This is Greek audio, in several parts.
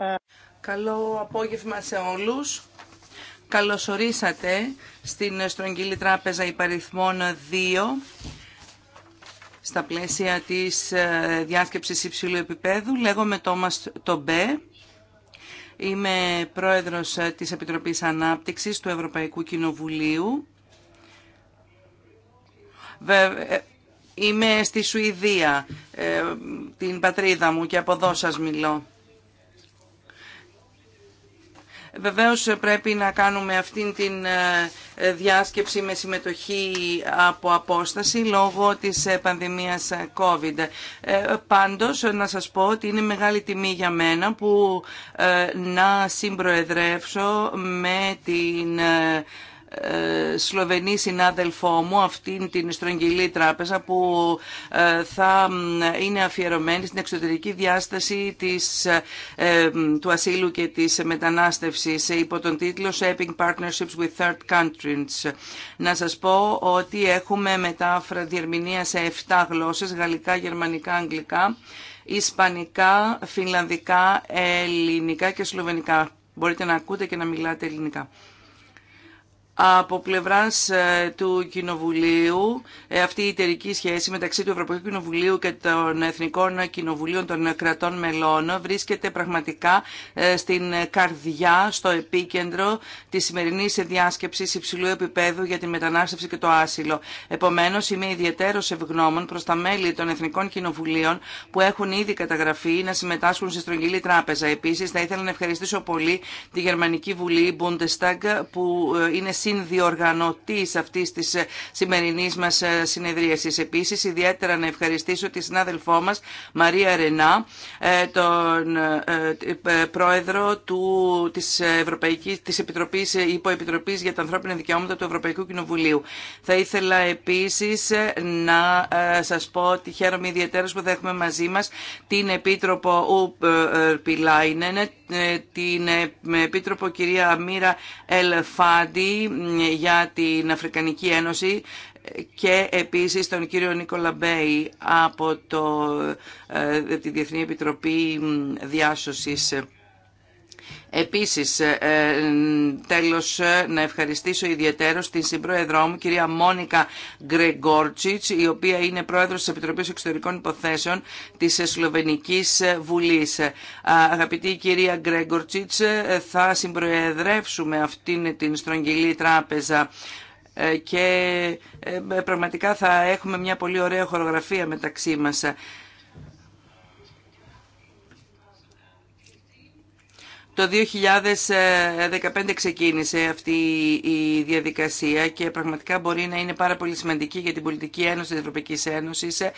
Ε, Καλό απόγευμα σε όλους. Καλωσορίσατε στην Στρογγύλη Τράπεζα Υπαριθμών 2 στα πλαίσια της ε, διάσκεψης υψηλού επίπεδου. Λέγομαι Τόμας Τομπέ. Είμαι πρόεδρος ε, της Επιτροπής Ανάπτυξης του Ευρωπαϊκού Κοινοβουλίου. Είμαι στη Σουηδία, την πατρίδα μου και από εδώ σας μιλώ. Βεβαίως πρέπει να κάνουμε αυτήν την ε, διάσκεψη με συμμετοχή από απόσταση λόγω της ε, πανδημίας ε, COVID. Πάντως, να σας πω ότι είναι μεγάλη τιμή για μένα που να συμπροεδρεύσω με την ε, Σλοβενή συνάδελφό μου αυτήν την στρογγυλή τράπεζα που ε, θα είναι αφιερωμένη στην εξωτερική διάσταση της, ε, του ασύλου και της μετανάστευσης υπό τον τίτλο Shaping Partnerships with Third Countries. Να σας πω ότι έχουμε μετάφρα διερμηνία σε 7 γλώσσες, γαλλικά, γερμανικά, αγγλικά, ισπανικά, φινλανδικά, ελληνικά και σλοβενικά. Μπορείτε να ακούτε και να μιλάτε ελληνικά από πλευράς ε, του Κοινοβουλίου ε, αυτή η εταιρική σχέση μεταξύ του Ευρωπαϊκού Κοινοβουλίου και των Εθνικών Κοινοβουλίων των κρατών μελών βρίσκεται πραγματικά ε, στην καρδιά, στο επίκεντρο της σημερινής διάσκεψης υψηλού επίπεδου για την μετανάστευση και το άσυλο. Επομένως είμαι ιδιαίτερο ευγνώμων προς τα μέλη των Εθνικών Κοινοβουλίων που έχουν ήδη καταγραφεί να συμμετάσχουν στη στρογγυλή τράπεζα. Επίσης θα ήθελα να ευχαριστήσω πολύ τη Γερμανική Βουλή Bundestag που είναι συνδιοργανωτή αυτής της σημερινής μας ε, συνεδρίασης. Επίσης, ιδιαίτερα να ευχαριστήσω τη συνάδελφό μα, Μαρία Ρενά, ε, τον ε, πρόεδρο του, της, Ευρωπαϊκής, της Επιτροπής, Υποεπιτροπής για τα Ανθρώπινα Δικαιώματα του Ευρωπαϊκού Κοινοβουλίου. Θα ήθελα επίσης να σας πω ότι χαίρομαι ιδιαίτερα που θα έχουμε μαζί μας την Επίτροπο Ουπ την Επίτροπο κυρία Μύρα Ελφάντη, για την Αφρικανική Ένωση και επίσης τον κύριο Νίκολα Μπέι από το, ε, τη Διεθνή Επιτροπή Διάσωσης Επίσης, ε, ε, τέλος, ε, να ευχαριστήσω ιδιαίτερο την συμπρόεδρό μου, κυρία Μόνικα Γκρεγκόρτσιτς, η οποία είναι πρόεδρος της Επιτροπής Εξωτερικών Υποθέσεων της Σλοβενικής Βουλής. Αγαπητή κυρία Γκρεγκόρτσιτς, θα συμπροεδρεύσουμε αυτήν την στρογγυλή τράπεζα και πραγματικά θα έχουμε μια πολύ ωραία χορογραφία μεταξύ μας. Το 2015 ξεκίνησε αυτή η διαδικασία και πραγματικά μπορεί να είναι πάρα πολύ σημαντική για την πολιτική ένωση της Ευρωπαϊκής Ένωσης ε,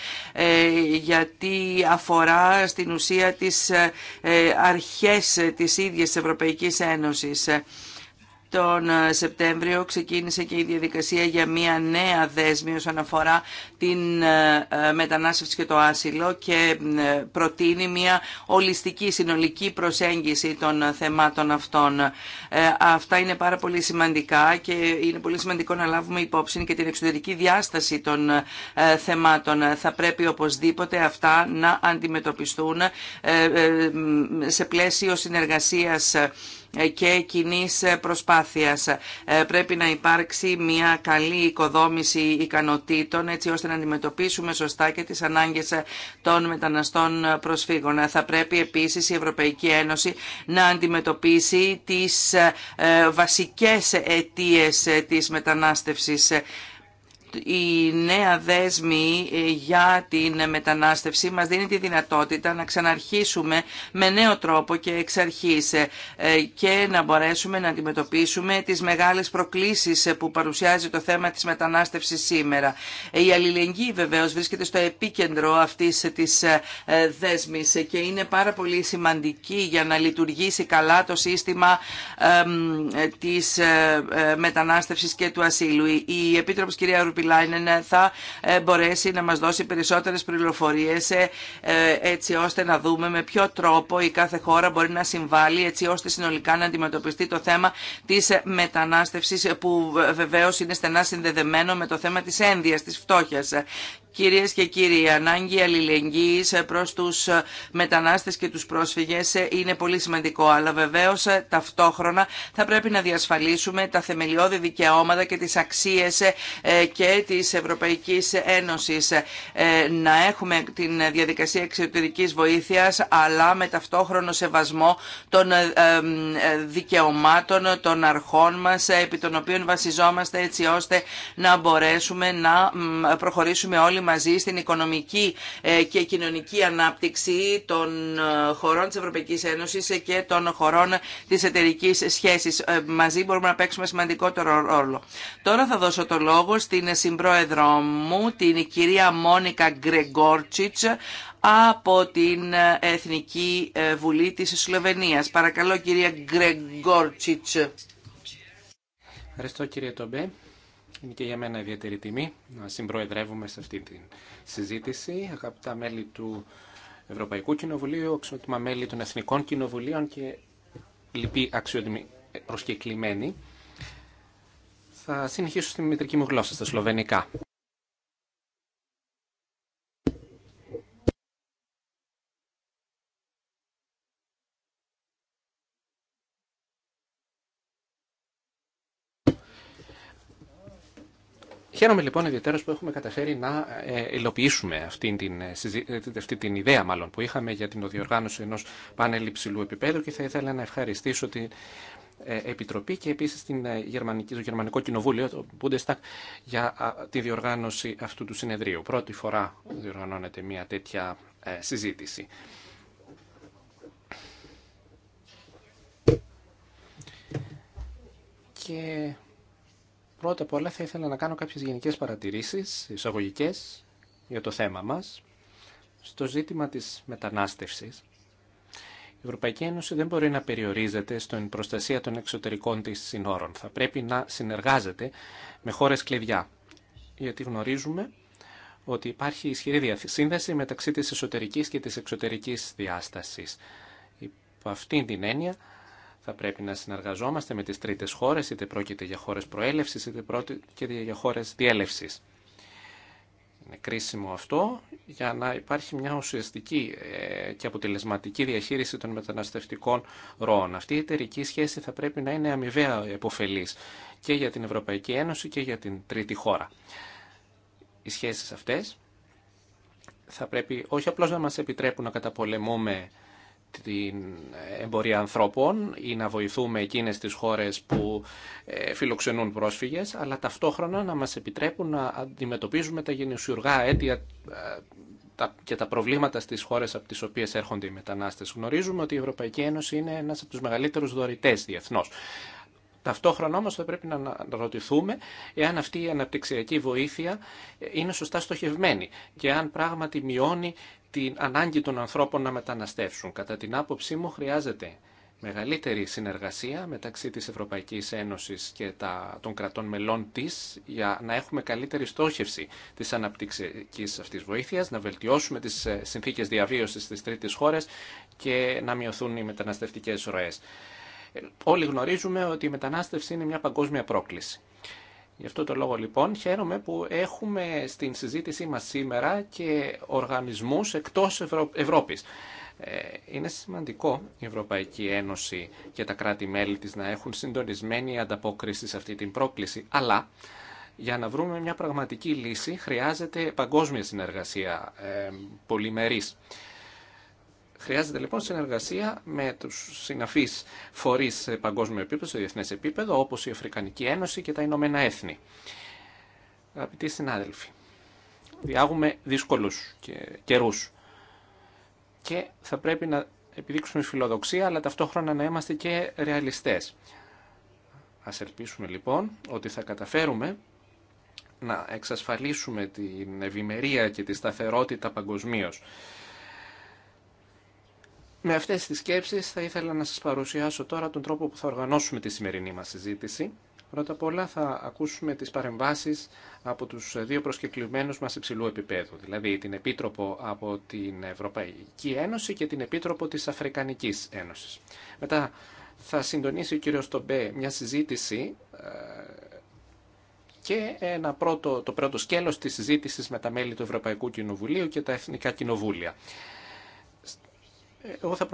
γιατί αφορά στην ουσία τις ε, αρχές της ίδιας της Ευρωπαϊκής Ένωσης. Τον ε, Σεπτέμβριο ξεκίνησε και η διαδικασία για μια νέα δέσμη όσον αφορά την ε, ε, μετανάστευση και το άσυλο και προτείνει μια ολιστική συνολική προσέγγιση των θεμάτων αυτών. Αυτά είναι πάρα πολύ σημαντικά και είναι πολύ σημαντικό να λάβουμε υπόψη και την εξωτερική διάσταση των θεμάτων. Θα πρέπει οπωσδήποτε αυτά να αντιμετωπιστούν σε πλαίσιο συνεργασίας και κοινή προσπάθειας. Ε, πρέπει να υπάρξει μια καλή οικοδόμηση ικανοτήτων έτσι ώστε να αντιμετωπίσουμε σωστά και τις ανάγκες των μεταναστών προσφύγων. Θα πρέπει επίση η Ευρωπαϊκή Ένωση να αντιμετωπίσει τις ε, βασικές αιτίε της μετανάστευση η νέα δέσμη ε, για την μετανάστευση μας δίνει τη δυνατότητα να ξαναρχίσουμε με νέο τρόπο και εξ αρχής ε, και να μπορέσουμε να αντιμετωπίσουμε τις μεγάλες προκλήσεις ε, που παρουσιάζει το θέμα της μετανάστευσης σήμερα. Η αλληλεγγύη βεβαίως βρίσκεται στο επίκεντρο αυτής της δέσμης και είναι πάρα πολύ σημαντική για να λειτουργήσει καλά το σύστημα της μετανάστευσης και του ασύλου. Η Επίτροπος κυρία Λάινεν θα ε, μπορέσει να μας δώσει περισσότερες πληροφορίες ε, ε, έτσι ώστε να δούμε με ποιο τρόπο η κάθε χώρα μπορεί να συμβάλλει έτσι ώστε συνολικά να αντιμετωπιστεί το θέμα της μετανάστευσης που βεβαίως είναι στενά συνδεδεμένο με το θέμα της ένδυας, της φτώχειας Κυρίες και κύριοι, η ανάγκη αλληλεγγύης προς τους μετανάστες και τους πρόσφυγες είναι πολύ σημαντικό, αλλά βεβαίως ταυτόχρονα θα πρέπει να διασφαλίσουμε τα θεμελιώδη δικαιώματα και τις αξίες ε, και της Ευρωπαϊκής Ένωσης. Ε, να έχουμε την διαδικασία εξωτερικής βοήθειας, αλλά με ταυτόχρονο σεβασμό των ε, δικαιωμάτων των αρχών μας, επί των οποίων βασιζόμαστε έτσι ώστε να μπορέσουμε να προχωρήσουμε όλοι μαζί στην οικονομική ε, και κοινωνική ανάπτυξη των ε, χωρών της Ευρωπαϊκής Ένωσης ε, και των χωρών της εταιρικής σχέσης. Μαζί μπορούμε να παίξουμε σημαντικότερο ρόλο. Τώρα θα δώσω το λόγο στην συμπρόεδρό μου, την κυρία Μόνικα Γκρεγκόρτσιτς, από την Εθνική Βουλή της Σλοβενίας. Παρακαλώ κυρία Γκρεγκόρτσιτς. Ευχαριστώ κύριε Τομπέ. Είναι και για μένα ιδιαίτερη τιμή να συμπροεδρεύουμε σε αυτή τη συζήτηση. Αγαπητά μέλη του Ευρωπαϊκού Κοινοβουλίου, αξιότιμα μέλη των Εθνικών Κοινοβουλίων και λοιποί αξιότιμοι προσκεκλημένοι. Θα συνεχίσω στη μητρική μου γλώσσα, στα σλοβενικά. Χαίρομαι λοιπόν ιδιαίτερα που έχουμε καταφέρει να ε, υλοποιήσουμε αυτή την, ε, ε, αυτή την ιδέα μάλλον που είχαμε για την διοργάνωση ενός πάνελ υψηλού επίπεδου και θα ήθελα να ευχαριστήσω την Επιτροπή και επίσης την Γερμανική, το Γερμανικό Κοινοβούλιο, το Bundestag, για τη διοργάνωση αυτού του συνεδρίου. Πρώτη φορά διοργανώνεται μια τέτοια συζήτηση. Και Πρώτα απ' όλα θα ήθελα να κάνω κάποιες γενικές παρατηρήσεις εισαγωγικές για το θέμα μας. Στο ζήτημα της μετανάστευσης, η Ευρωπαϊκή Ένωση δεν μπορεί να περιορίζεται στην προστασία των εξωτερικών της συνόρων. Θα πρέπει να συνεργάζεται με χώρες κλειδιά, γιατί γνωρίζουμε ότι υπάρχει ισχυρή σύνδεση μεταξύ της εσωτερικής και της εξωτερικής διάστασης. Υπό αυτήν την έννοια θα πρέπει να συνεργαζόμαστε με τις τρίτες χώρες, είτε πρόκειται για χώρες προέλευσης, είτε πρόκειται για χώρες διέλευσης. Είναι κρίσιμο αυτό για να υπάρχει μια ουσιαστική ε, και αποτελεσματική διαχείριση των μεταναστευτικών ροών. Αυτή η εταιρική σχέση θα πρέπει να είναι αμοιβαία επωφελής και για την Ευρωπαϊκή Ένωση και για την τρίτη χώρα. Οι σχέσεις αυτές θα πρέπει όχι απλώς να μας επιτρέπουν να καταπολεμούμε την εμπορία ανθρώπων ή να βοηθούμε εκείνες τις χώρες που ε, φιλοξενούν πρόσφυγες, αλλά ταυτόχρονα να μας επιτρέπουν να αντιμετωπίζουμε τα γενεσιουργά αίτια ε, και τα προβλήματα στις χώρες από τις οποίες έρχονται οι μετανάστες. Γνωρίζουμε ότι η Ευρωπαϊκή Ένωση είναι ένας από τους μεγαλύτερους δωρητές διεθνώς. Ταυτόχρονα όμως θα πρέπει να ρωτηθούμε εάν αυτή η αναπτυξιακή βοήθεια ε, είναι σωστά στοχευμένη και αν πράγματι μειώνει την ανάγκη των ανθρώπων να μεταναστεύσουν. Κατά την άποψή μου χρειάζεται μεγαλύτερη συνεργασία μεταξύ της Ευρωπαϊκής Ένωσης και τα, των κρατών μελών της για να έχουμε καλύτερη στόχευση της αναπτυξιακής αυτής βοήθειας, να βελτιώσουμε τις ε, συνθήκες διαβίωσης στις τρίτες χώρες και να μειωθούν οι μεταναστευτικές ροές. Ε, όλοι γνωρίζουμε ότι η μετανάστευση είναι μια παγκόσμια πρόκληση. Γι' αυτό το λόγο λοιπόν χαίρομαι που έχουμε στην συζήτησή μας σήμερα και οργανισμούς εκτός Ευρω... Ευρώπης. Ε, είναι σημαντικό η Ευρωπαϊκή Ένωση και τα κράτη-μέλη της να έχουν συντονισμένη ανταπόκριση σε αυτή την πρόκληση, αλλά για να βρούμε μια πραγματική λύση χρειάζεται παγκόσμια συνεργασία, ε, πολυμερής. Χρειάζεται λοιπόν συνεργασία με τους συναφείς φορείς σε παγκόσμιο επίπεδο, σε διεθνέ επίπεδο, όπω η Αφρικανική Ένωση και τα Ηνωμένα Έθνη. Αγαπητοί συνάδελφοι, διάγουμε δύσκολους και καιρούς και θα πρέπει να επιδείξουμε φιλοδοξία, αλλά ταυτόχρονα να είμαστε και ρεαλιστές. Ας ελπίσουμε λοιπόν ότι θα καταφέρουμε να εξασφαλίσουμε την ευημερία και τη σταθερότητα παγκοσμίω με αυτέ τι σκέψει θα ήθελα να σα παρουσιάσω τώρα τον τρόπο που θα οργανώσουμε τη σημερινή μα συζήτηση. Πρώτα απ' όλα θα ακούσουμε τις παρεμβάσεις από τους δύο προσκεκλημένους μας υψηλού επίπεδου, δηλαδή την Επίτροπο από την Ευρωπαϊκή Ένωση και την Επίτροπο της Αφρικανικής Ένωσης. Μετά θα συντονίσει ο κύριος Τομπέ μια συζήτηση ε, και ένα πρώτο, το πρώτο σκέλος της συζήτησης με τα μέλη του Ευρωπαϊκού Κοινοβουλίου και τα Εθνικά Κοινοβούλια. Εγώ θα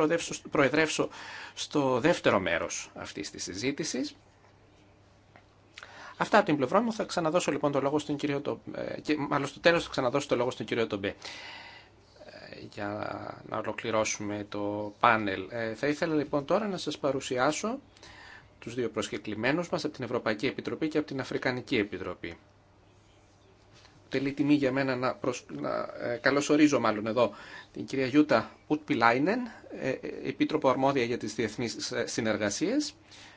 προεδρεύσω στο δεύτερο μέρος αυτής της συζήτησης. Αυτά από την πλευρά μου. Θα ξαναδώσω λοιπόν το λόγο στον κύριο Τομπέ. Ε, μάλλον τέλος θα ξαναδώσω το λόγο στον κύριο Τομπέ ε, για να ολοκληρώσουμε το πάνελ. Ε, θα ήθελα λοιπόν τώρα να σας παρουσιάσω τους δύο προσκεκλημένους μας από την Ευρωπαϊκή Επιτροπή και από την Αφρικανική Επιτροπή. Τελεί τιμή για μένα να, προσ... να ε, καλωσορίζω μάλλον εδώ την κυρία Γιούτα Ουτπιλάινεν, ε, ε, Επίτροπο Αρμόδια για τις Διεθνείς Συνεργασίες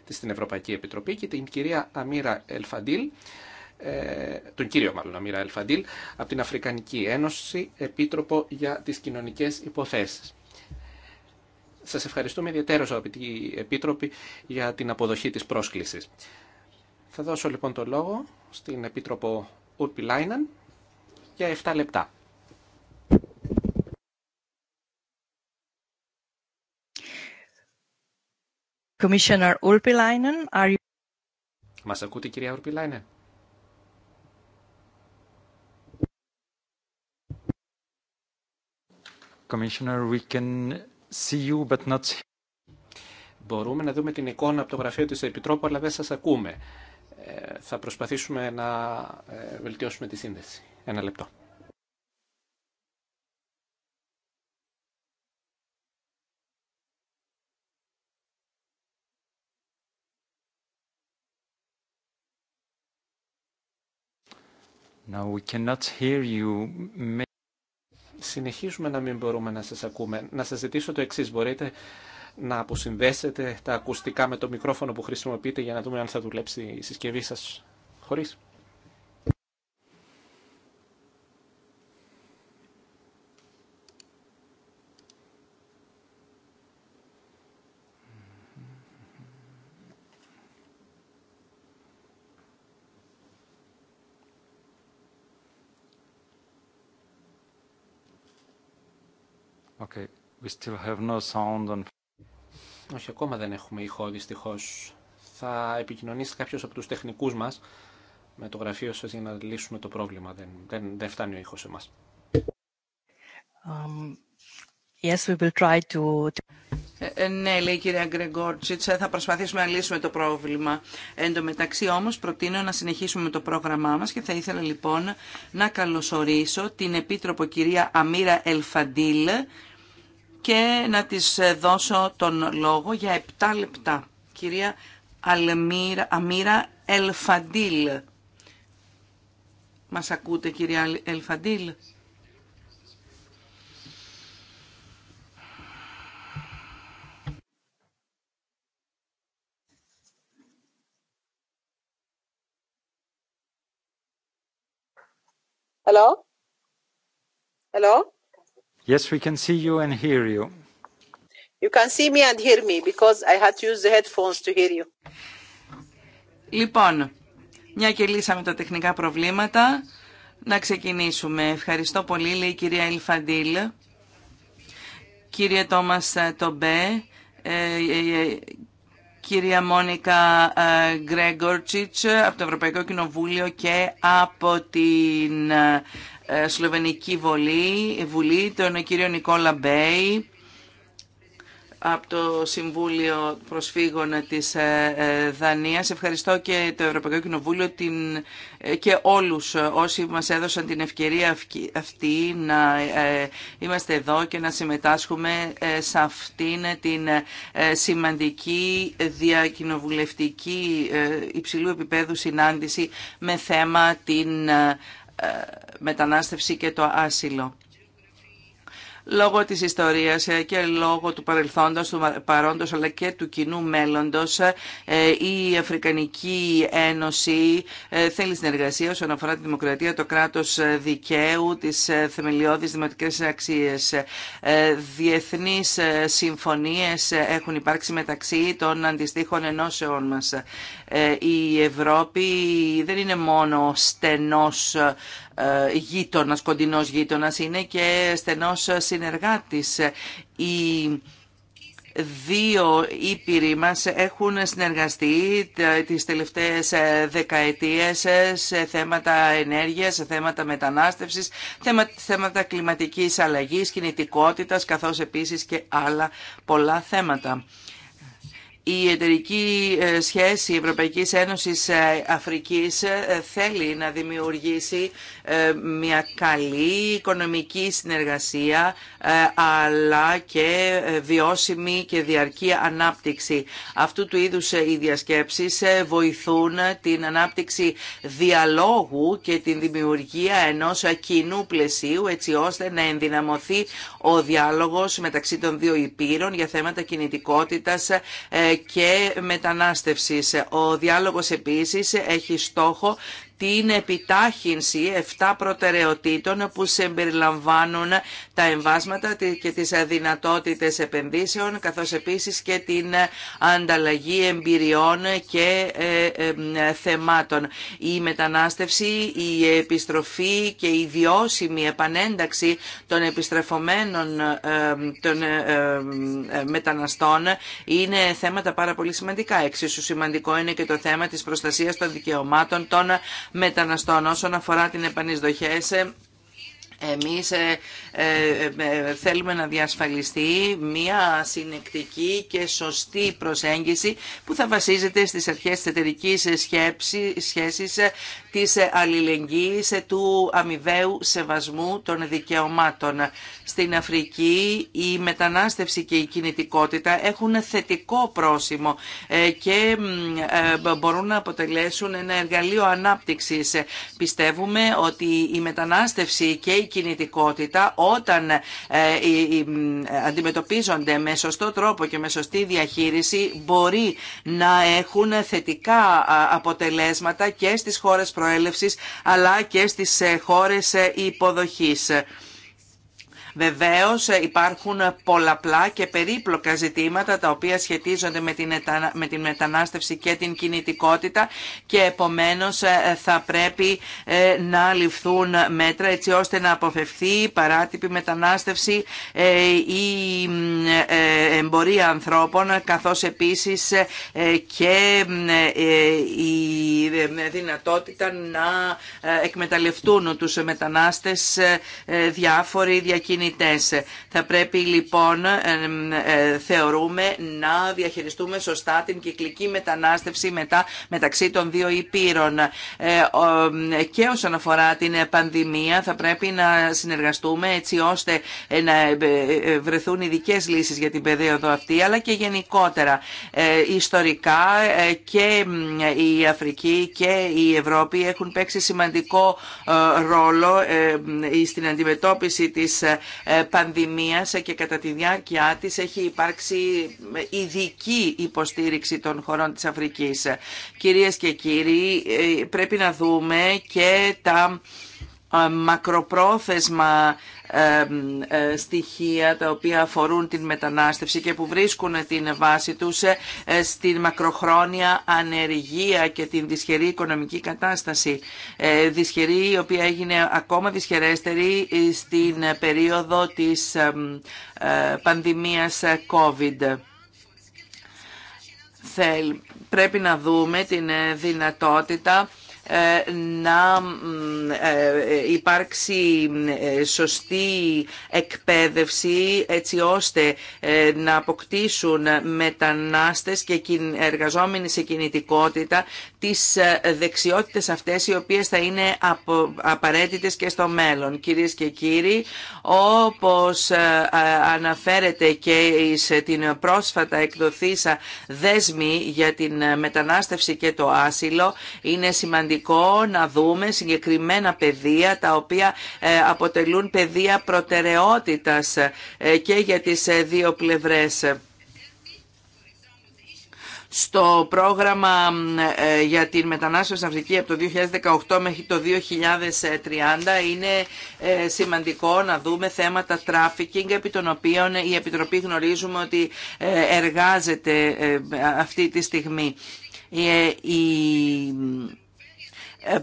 στην Ευρωπαϊκή Επιτροπή και την κυρία Αμύρα Ελφαντήλ, τον κύριο μάλλον Αμύρα Ελφαντήλ, από την Αφρικανική Ένωση, Επίτροπο για τις Κοινωνικές Υποθέσεις. Σας ευχαριστούμε ιδιαίτερα, αγαπητοί Επίτροπη, για την αποδοχή της πρόσκλησης. Θα δώσω λοιπόν το λόγο στην Επίτροπο Ούρπι για 7 λεπτά. Commissioner Ulpilainen, are you... Μας ακούτε κυρία Ulpilainen. Commissioner, we Μπορούμε να δούμε την εικόνα από το γραφείο της Επιτρόπου, αλλά δεν σας ακούμε. Ε, θα προσπαθήσουμε να ε, βελτιώσουμε τη σύνδεση. Ένα λεπτό. we cannot hear you. Συνεχίζουμε να μην μπορούμε να σας ακούμε. Να σας ζητήσω το εξής. Μπορείτε να αποσυνδέσετε τα ακουστικά με το μικρόφωνο που χρησιμοποιείτε για να δούμε αν θα δουλέψει η συσκευή σας χωρίς. still have no sound on... Όχι, ακόμα δεν έχουμε ηχό, δυστυχώ. Θα επικοινωνήσει κάποιο από του τεχνικού μα με το γραφείο σα για να λύσουμε το πρόβλημα. Δεν, δεν, δεν φτάνει ο ήχο σε εμά. Um, yes, we will try to... Ε, ε ναι, λέει η κυρία Γκρεγκόρτσιτ, ε, θα προσπαθήσουμε να λύσουμε το πρόβλημα. Εν τω μεταξύ όμω, προτείνω να συνεχίσουμε με το πρόγραμμά μα και θα ήθελα λοιπόν να καλωσορίσω την Επίτροπο κυρία Αμύρα Ελφαντήλ, και να της δώσω τον λόγο για 7 λεπτά. Κυρία Αλμύρα, Αμύρα Ελφαντήλ. Μας ακούτε κυρία Ελφαντήλ. Hello? Hello? Yes, we can see you and hear you. You can see me and hear me because I had to use the headphones to hear you. Λοιπόν, μια και λύσαμε τα τεχνικά προβλήματα, να ξεκινήσουμε. Ευχαριστώ πολύ, λέει η κυρία Ελφαντήλ. Κύριε Τόμας Τομπέ, ε, ε, ε κυρία Μόνικα ε, Γκρέγκορτσιτς από το Ευρωπαϊκό Κοινοβούλιο και από την ε, ε, Σλοβενική Βουλή, Βουλή τον κύριο Νικόλα Μπέι από το Συμβούλιο Προσφύγων της ε, ε, Δανίας. Ευχαριστώ και το Ευρωπαϊκό Κοινοβούλιο την, και όλους όσοι μας έδωσαν την ευκαιρία αυτή να είμαστε εδώ και να συμμετάσχουμε σε αυτήν την σημαντική διακοινοβουλευτική υψηλού επίπεδου συνάντηση με θέμα την ε, μετανάστευση και το άσυλο λόγω της ιστορίας ε, και λόγω του παρελθόντος, του παρόντος αλλά και του κοινού μέλλοντος ε, η Αφρικανική Ένωση ε, θέλει συνεργασία όσον αφορά τη δημοκρατία, το κράτος δικαίου, τις θεμελιώδεις δημοτικές αξίες. Διεθνείς συμφωνίες έχουν υπάρξει μεταξύ των αντιστοίχων ενώσεών μας. Η Ευρώπη δεν είναι μόνο στενός γείτονας, κοντινός γείτονας, είναι και στενός συνεργάτης. οι δύο ήπειροι μας έχουν συνεργαστεί τις τελευταίες ε, δεκαετίες σε θέματα ενέργειας, σε θέματα μετανάστευσης, θέματα κλιματικής αλλαγής, κινητικότητας, καθώς επίσης και άλλα πολλά θέματα. Η εταιρική ε, σχέση Ευρωπαϊκής Ένωσης ε, Αφρικής ε, θέλει να δημιουργήσει μια καλή οικονομική συνεργασία αλλά και βιώσιμη και διαρκή ανάπτυξη. Αυτού του είδους οι διασκέψεις βοηθούν την ανάπτυξη διαλόγου και την δημιουργία ενός κοινού πλαισίου έτσι ώστε να ενδυναμωθεί ο διάλογος μεταξύ των δύο υπήρων για θέματα κινητικότητας και μετανάστευσης. Ο διάλογος επίσης έχει στόχο την επιτάχυνση 7 προτεραιοτήτων που συμπεριλαμβάνουν τα εμβάσματα και τις αδυνατότητες επενδύσεων καθώς επίσης και την ανταλλαγή εμπειριών και ε, ε, θεμάτων. Η μετανάστευση, η επιστροφή και η βιώσιμη επανένταξη των επιστρεφωμένων ε, των μεταναστών είναι θέματα πάρα πολύ σημαντικά. Εξίσου σημαντικό είναι και το θέμα της προστασίας των δικαιωμάτων των μεταναστών όσον αφορά την επανεισδοχέση, εμείς ε, ε, ε, ε, θέλουμε να διασφαλιστεί μια συνεκτική και σωστή προσέγγιση που θα βασίζεται στις αρχές της εταιρικής σχέσης της αλληλεγγύης του αμοιβαίου σεβασμού των δικαιωμάτων. Στην Αφρική η μετανάστευση και η κινητικότητα έχουν θετικό πρόσημο και μπορούν να αποτελέσουν ένα εργαλείο ανάπτυξης. Πιστεύουμε ότι η μετανάστευση και η κινητικότητα όταν ε, αντιμετωπίζονται με σωστό τρόπο και με σωστή διαχείριση μπορεί να έχουν θετικά αποτελέσματα και στις χώρες προέλευσης αλλά και στις ε, χώρες ε, υποδοχής. Βεβαίως ε, υπάρχουν πολλαπλά και περίπλοκα ζητήματα τα οποία σχετίζονται με την μετανάστευση και την κινητικότητα και επομένως ε, θα πρέπει ε, να ληφθούν μέτρα έτσι ώστε να αποφευθεί η παράτυπη μετανάστευση ή εμπορία ανθρώπων καθώς επίσης και η δυνατότητα να εκμεταλλευτούν τους μετανάστες διάφοροι διακινητικοί κινητές. Θα πρέπει λοιπόν, ε, θεωρούμε, να διαχειριστούμε σωστά την κυκλική μετανάστευση μετά μεταξύ των δύο υπήρων. Ε, και όσον αφορά την πανδημία θα πρέπει να συνεργαστούμε έτσι ώστε ε, να βρεθούν ειδικέ λύσεις για την περίοδο αυτή, αλλά και γενικότερα. Ιστορικά και η Αφρική και η Ευρώπη έχουν παίξει σημαντικό ρόλο στην αντιμετώπιση της ε, πανδημίας και κατά τη διάρκεια της έχει υπάρξει ειδική υποστήριξη των χωρών της Αφρικής. Κυρίες και κύριοι, ε, πρέπει να δούμε και τα ε, μακροπρόθεσμα ε, ε, στοιχεία τα οποία αφορούν την μετανάστευση και που βρίσκουν την βάση τους στην μακροχρόνια ανεργία και την δυσχερή οικονομική κατάσταση. Δυσχερή η οποία έγινε ακόμα δυσχερέστερη στην περίοδο της πανδημίας COVID. Πρέπει να δούμε την δυνατότητα ε, να ε, υπάρξει ε, σωστή εκπαίδευση έτσι ώστε να αποκτήσουν μετανάστες και εργαζόμενοι σε κινητικότητα τις δεξιότητες αυτές οι οποίες θα είναι απαραίτητες και στο μέλλον. Κυρίες και κύριοι, όπως αναφέρεται και την πρόσφατα εκδοθήσα δέσμη για την μετανάστευση και το άσυλο, είναι σημαντικό σημαντικό να δούμε συγκεκριμένα πεδία τα οποία ε, αποτελούν πεδία προτεραιότητας ε, και για τις ε, δύο πλευρές στο πρόγραμμα για την μετανάστευση στην Αφρική από το 2018 μέχρι το 2030 είναι σημαντικό να δούμε θέματα τράφικινγκ επί των οποίων η Επιτροπή γνωρίζουμε ότι εργάζεται αυτή τη στιγμή. Η ε,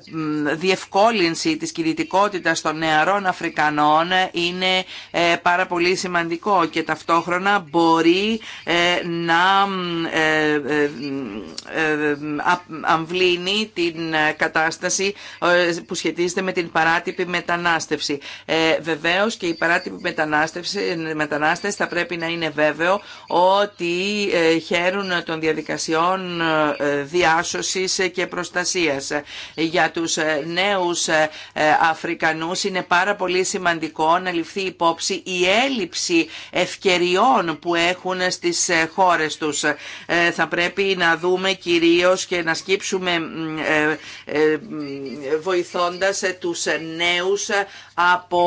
διευκόλυνση της κινητικότητας των νεαρών Αφρικανών είναι ε, πάρα πολύ σημαντικό και ταυτόχρονα μπορεί ε, να αμβλύνει την κατάσταση που σχετίζεται με την παράτυπη μετανάστευση. Βεβαίως και η παράτυπη μετανάστευση, μετανάστες θα πρέπει να είναι βέβαιο ότι χαίρουν των διαδικασιών διάσωσης και προστασίας για τους ε, νέους ε, ε, Αφρικανούς είναι πάρα πολύ σημαντικό να ληφθεί υπόψη η έλλειψη ευκαιριών που έχουν στις χώρες τους. Θα πρέπει να δούμε κυρίως και να σκύψουμε βοηθώντας τους νέους από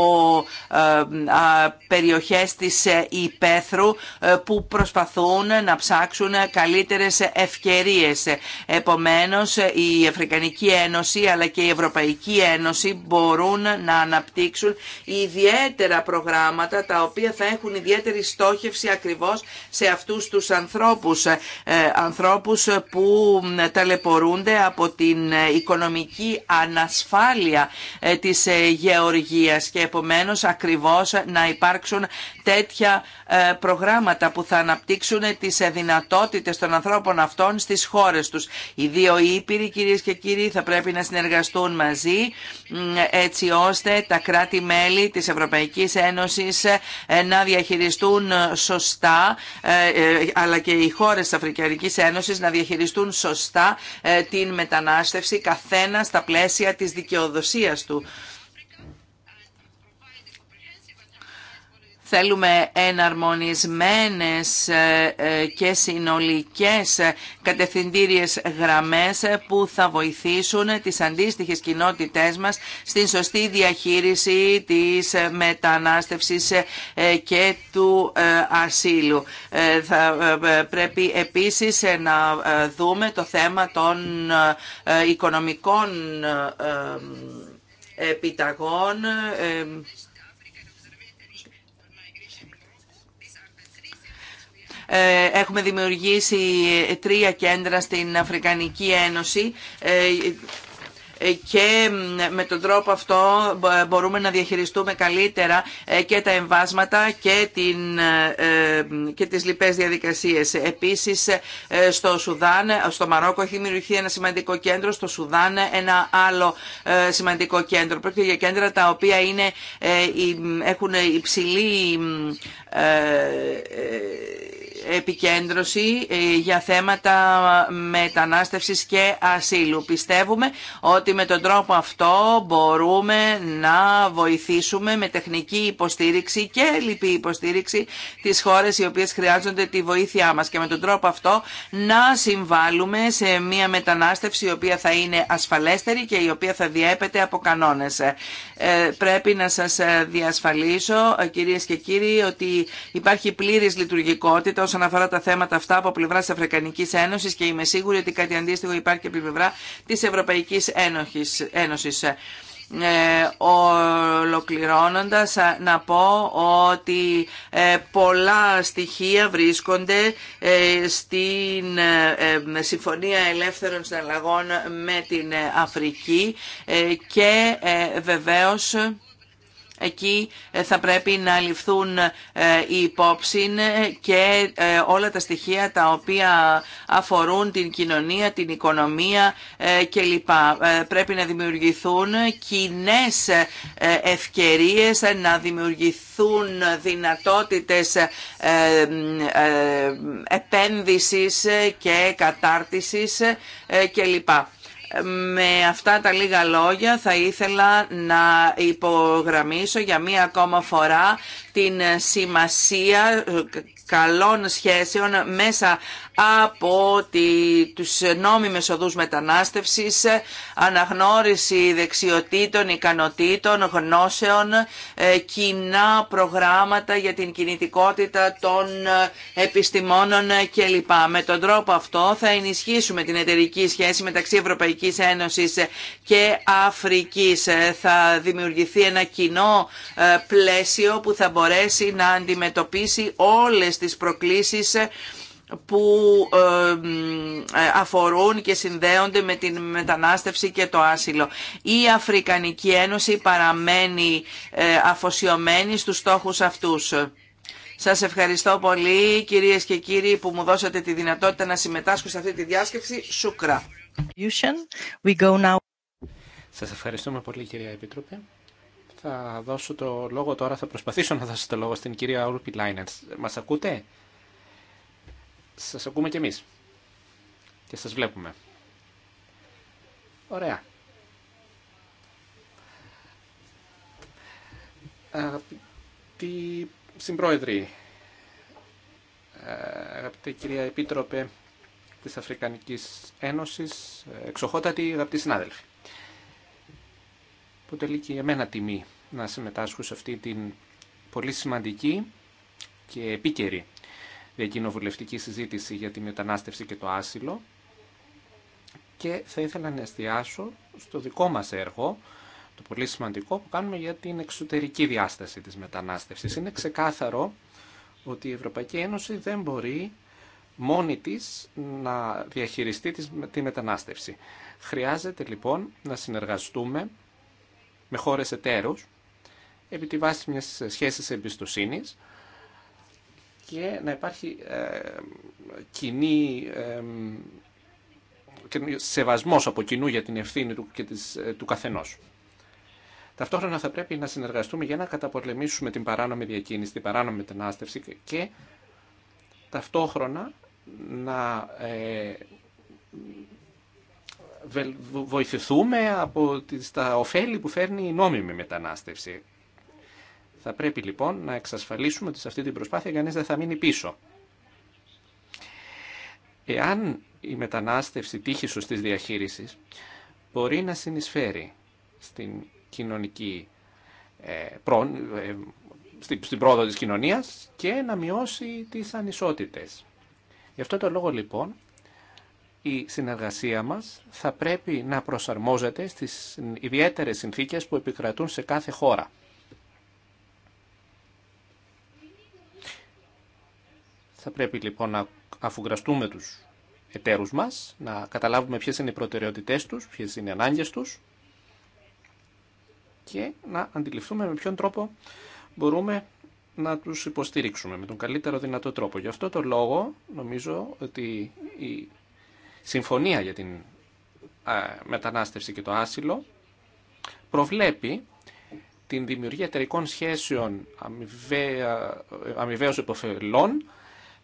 περιοχές της Υπέθρου που προσπαθούν να ψάξουν καλύτερες ευκαιρίες. Επομένως, η Αφρικανική Ένωση αλλά και η Ευρωπαϊκή Ένωση μπορούν να αναπτύξουν ιδιαίτερα προγράμματα τα οποία θα έχουν ιδιαίτερη στόχευση ακριβώς σε αυτούς τους ανθρώπους, ε, ανθρώπους που ταλαιπωρούνται από την ε, οικονομική ανασφάλεια ε, της γεωργίας και επομένως ακριβώς να υπάρξουν τέτοια προγράμματα που θα αναπτύξουν τις δυνατότητες των ανθρώπων αυτών στις χώρες τους. Οι δύο ήπειροι κυρίες και κύριοι θα πρέπει να να συνεργαστούν μαζί έτσι ώστε τα κράτη-μέλη της Ευρωπαϊκής Ένωσης ε, να διαχειριστούν σωστά ε, ε, αλλά και οι χώρες της Αφρικανικής Ένωσης να διαχειριστούν σωστά την μετανάστευση καθένα στα πλαίσια της δικαιοδοσίας του. Θέλουμε εναρμονισμένες ε, ε, και συνολικές κατευθυντήριες γραμμές που θα βοηθήσουν τις αντίστοιχες κοινότητές μας στην σωστή διαχείριση της μετανάστευσης ε, και του ασύλου. Θα πρέπει επίσης να δούμε το θέμα των οικονομικών επιταγών Ε, έχουμε δημιουργήσει τρία κέντρα στην Αφρικανική Ένωση ε, και με τον τρόπο αυτό μπορούμε να διαχειριστούμε καλύτερα ε, και τα εμβάσματα και, την, ε, ε, και τις λοιπές διαδικασίες. Επίσης στο Σουδάν, στο Μαρόκο έχει δημιουργηθεί ένα σημαντικό κέντρο, στο Σουδάν ένα άλλο σημαντικό κέντρο. Πρόκειται για κέντρα τα οποία είναι, έχουν υψηλή επικέντρωση για θέματα μετανάστευσης και ασύλου. Πιστεύουμε ότι ότι με τον τρόπο αυτό μπορούμε να βοηθήσουμε με τεχνική υποστήριξη και λυπή υποστήριξη τις χώρες οι οποίες χρειάζονται τη βοήθειά μας και με τον τρόπο αυτό να συμβάλλουμε σε μια μετανάστευση η οποία θα είναι ασφαλέστερη και η οποία θα διέπεται από κανόνες. Ε, πρέπει να σας διασφαλίσω κυρίες και κύριοι ότι υπάρχει πλήρης λειτουργικότητα όσον αφορά τα θέματα αυτά από πλευρά της Αφρικανικής Ένωσης και είμαι σίγουρη ότι κάτι αντίστοιχο υπάρχει και από πλευρά της Ευρωπαϊκής Ένωσης. Ε, ολοκληρώνοντας ε, να πω ότι ε, πολλά στοιχεία βρίσκονται ε, στην Συμφωνία Ελεύθερων Συναλλαγών με την Αφρική και βεβαίως Εκεί ε, θα πρέπει να ληφθούν ε, οι υπόψη ε, και όλα τα στοιχεία τα οποία αφορούν την κοινωνία, την οικονομία κλπ. Πρέπει να δημιουργηθούν κοινέ ευκαιρίες, να δημιουργηθούν δυνατότητες επένδυσης και κατάρτισης κλπ. Με αυτά τα λίγα λόγια θα ήθελα να υπογραμμίσω για μία ακόμα φορά την σημασία ε, καλών σχέσεων μέσα από τους νόμιμες οδούς μετανάστευσης, αναγνώριση δεξιοτήτων, ικανοτήτων, γνώσεων, ε, κοινά προγράμματα για την κινητικότητα των ε, επιστημόνων κλπ. Με τον τρόπο αυτό θα ενισχύσουμε την εταιρική σχέση μεταξύ Ευρωπαϊκής Ένωσης και Αφρικής. Θα δημιουργηθεί ένα κοινό ε, πλαίσιο που θα μπορέσει να αντιμετωπίσει όλες τις προκλήσεις που ε, αφορούν και συνδέονται με την μετανάστευση και το άσυλο. Η Αφρικανική Ένωση παραμένει ε, αφοσιωμένη στους στόχους αυτούς. Σας ευχαριστώ πολύ κυρίες και κύριοι που μου δώσατε τη δυνατότητα να συμμετάσχω σε αυτή τη διάσκεψη. Σουκρά. Σας ευχαριστούμε πολύ κυρία Επίτροπε. Θα δώσω το λόγο τώρα, θα προσπαθήσω να δώσω το λόγο στην κυρία Ούρπι Μας ακούτε? σας ακούμε κι εμείς και σας βλέπουμε. Ωραία. Αγαπητοί συμπρόεδροι, αγαπητή κυρία Επίτροπε της Αφρικανικής Ένωσης, εξοχότατοι αγαπητοί συνάδελφοι. τελεί και εμένα τιμή να συμμετάσχω σε αυτή την πολύ σημαντική και επίκαιρη διακοινοβουλευτική συζήτηση για τη μετανάστευση και το άσυλο και θα ήθελα να εστιάσω στο δικό μας έργο, το πολύ σημαντικό που κάνουμε για την εξωτερική διάσταση της μετανάστευσης. Είναι ξεκάθαρο ότι η Ευρωπαϊκή Ένωση δεν μπορεί μόνη της να διαχειριστεί τη μετανάστευση. Χρειάζεται λοιπόν να συνεργαστούμε με χώρες εταίρους επί τη βάση μιας σχέσης εμπιστοσύνης και να υπάρχει ε, ε, κοινή σεβασμός από κοινού για την ευθύνη του, και ε, του καθενός. Ταυτόχρονα θα πρέπει να συνεργαστούμε για να καταπολεμήσουμε την παράνομη διακίνηση, την παράνομη μετανάστευση και ταυτόχρονα να βοηθηθούμε από τα ωφέλη που φέρνει η νόμιμη μετανάστευση. Θα πρέπει λοιπόν να εξασφαλίσουμε ότι σε αυτή την προσπάθεια κανείς δεν θα μείνει πίσω. Εάν η μετανάστευση τύχει σωστής διαχείρισης, μπορεί να συνεισφέρει στην κοινωνική ε, ε, στην πρόοδο της κοινωνίας και να μειώσει τις ανισότητες. Γι' αυτό το λόγο λοιπόν η συνεργασία μας θα πρέπει να προσαρμόζεται στις ιδιαίτερες συνθήκες που επικρατούν σε κάθε χώρα. Θα πρέπει λοιπόν να αφουγκραστούμε τους εταίρους μας, να καταλάβουμε ποιες είναι οι προτεραιότητές τους, ποιες είναι οι ανάγκες τους και να αντιληφθούμε με ποιον τρόπο μπορούμε να τους υποστήριξουμε με τον καλύτερο δυνατό τρόπο. Γι' αυτό το λόγο νομίζω ότι η Συμφωνία για την Μετανάστευση και το Άσυλο προβλέπει την δημιουργία εταιρικών σχέσεων αμοιβαίως υποφελών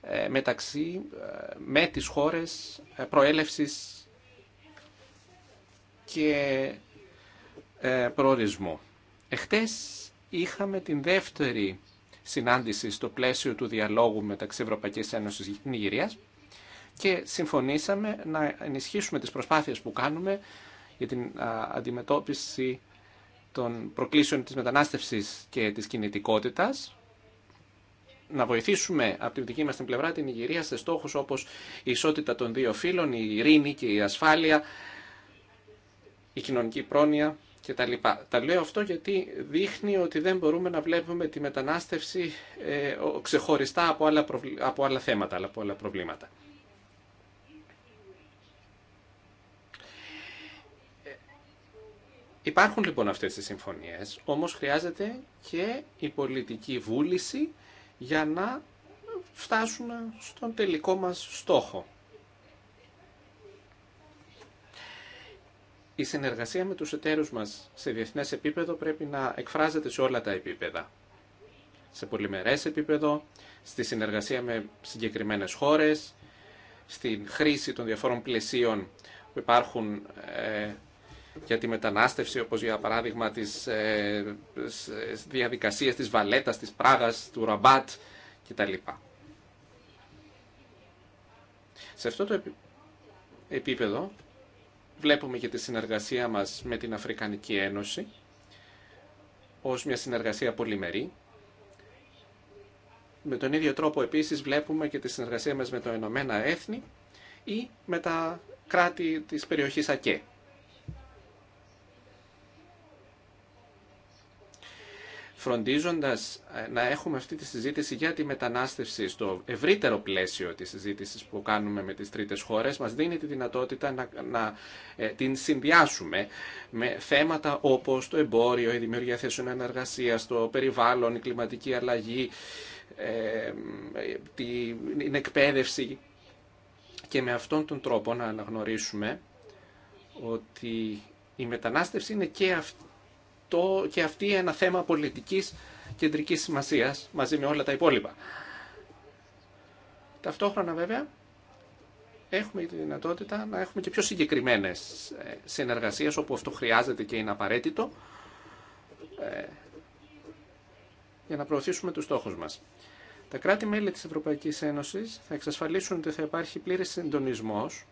ε, μεταξύ ε, με τις χώρες ε, προέλευσης και προορισμού. Εχθές είχαμε την δεύτερη συνάντηση στο πλαίσιο του διαλόγου μεταξύ Ευρωπαϊκής Ένωσης και Νιγηρίας και συμφωνήσαμε να ενισχύσουμε τις προσπάθειες που κάνουμε για την αντιμετώπιση των προκλήσεων της μετανάστευσης και της κινητικότητας να βοηθήσουμε από την δική μα την πλευρά την Ιγυρία σε στόχους όπως η ισότητα των δύο φύλων, η ειρήνη και η ασφάλεια, η κοινωνική πρόνοια κτλ. Τα λέω αυτό γιατί δείχνει ότι δεν μπορούμε να βλέπουμε τη μετανάστευση ε, ξεχωριστά από άλλα, από άλλα θέματα, από άλλα προβλήματα. Ε, υπάρχουν λοιπόν αυτές τις συμφωνίες, όμως χρειάζεται και η πολιτική βούληση για να φτάσουμε στον τελικό μας στόχο. Η συνεργασία με τους εταίρους μας σε διεθνές επίπεδο πρέπει να εκφράζεται σε όλα τα επίπεδα. Σε πολυμερές επίπεδο, στη συνεργασία με συγκεκριμένες χώρες, στην χρήση των διαφόρων πλαισίων που υπάρχουν ε, για τη μετανάστευση, όπως για παράδειγμα τις ε, διαδικασίες της Βαλέτας, της Πράγας, του Ραμπάτ κτλ. Σε αυτό το επίπεδο βλέπουμε και τη συνεργασία μας με την Αφρικανική Ένωση ως μια συνεργασία πολυμερή. Με τον ίδιο τρόπο επίσης βλέπουμε και τη συνεργασία μας με το Ενωμένα Έθνη ή με τα κράτη της περιοχής ΑΚΕ. φροντίζοντας ε, να έχουμε αυτή τη συζήτηση για τη μετανάστευση στο ευρύτερο πλαίσιο της συζήτησης που κάνουμε με τις τρίτες χώρες, μας δίνει τη δυνατότητα να, να ε, την συνδυάσουμε με θέματα όπως το εμπόριο, η δημιουργία θέσεων αναργασίας, το περιβάλλον, η κλιματική αλλαγή, ε, την εκπαίδευση και με αυτόν τον τρόπο να αναγνωρίσουμε ότι η μετανάστευση είναι και αυτή το και αυτή ένα θέμα πολιτικής κεντρικής σημασίας μαζί με όλα τα υπόλοιπα. Ταυτόχρονα βέβαια έχουμε τη δυνατότητα να έχουμε και πιο συγκεκριμένες ε, συνεργασίες όπου αυτό χρειάζεται και είναι απαραίτητο ε, για να προωθήσουμε τους στόχους μας. Τα κράτη-μέλη της Ευρωπαϊκής Ένωσης θα εξασφαλίσουν ότι θα υπάρχει πλήρης συντονισμός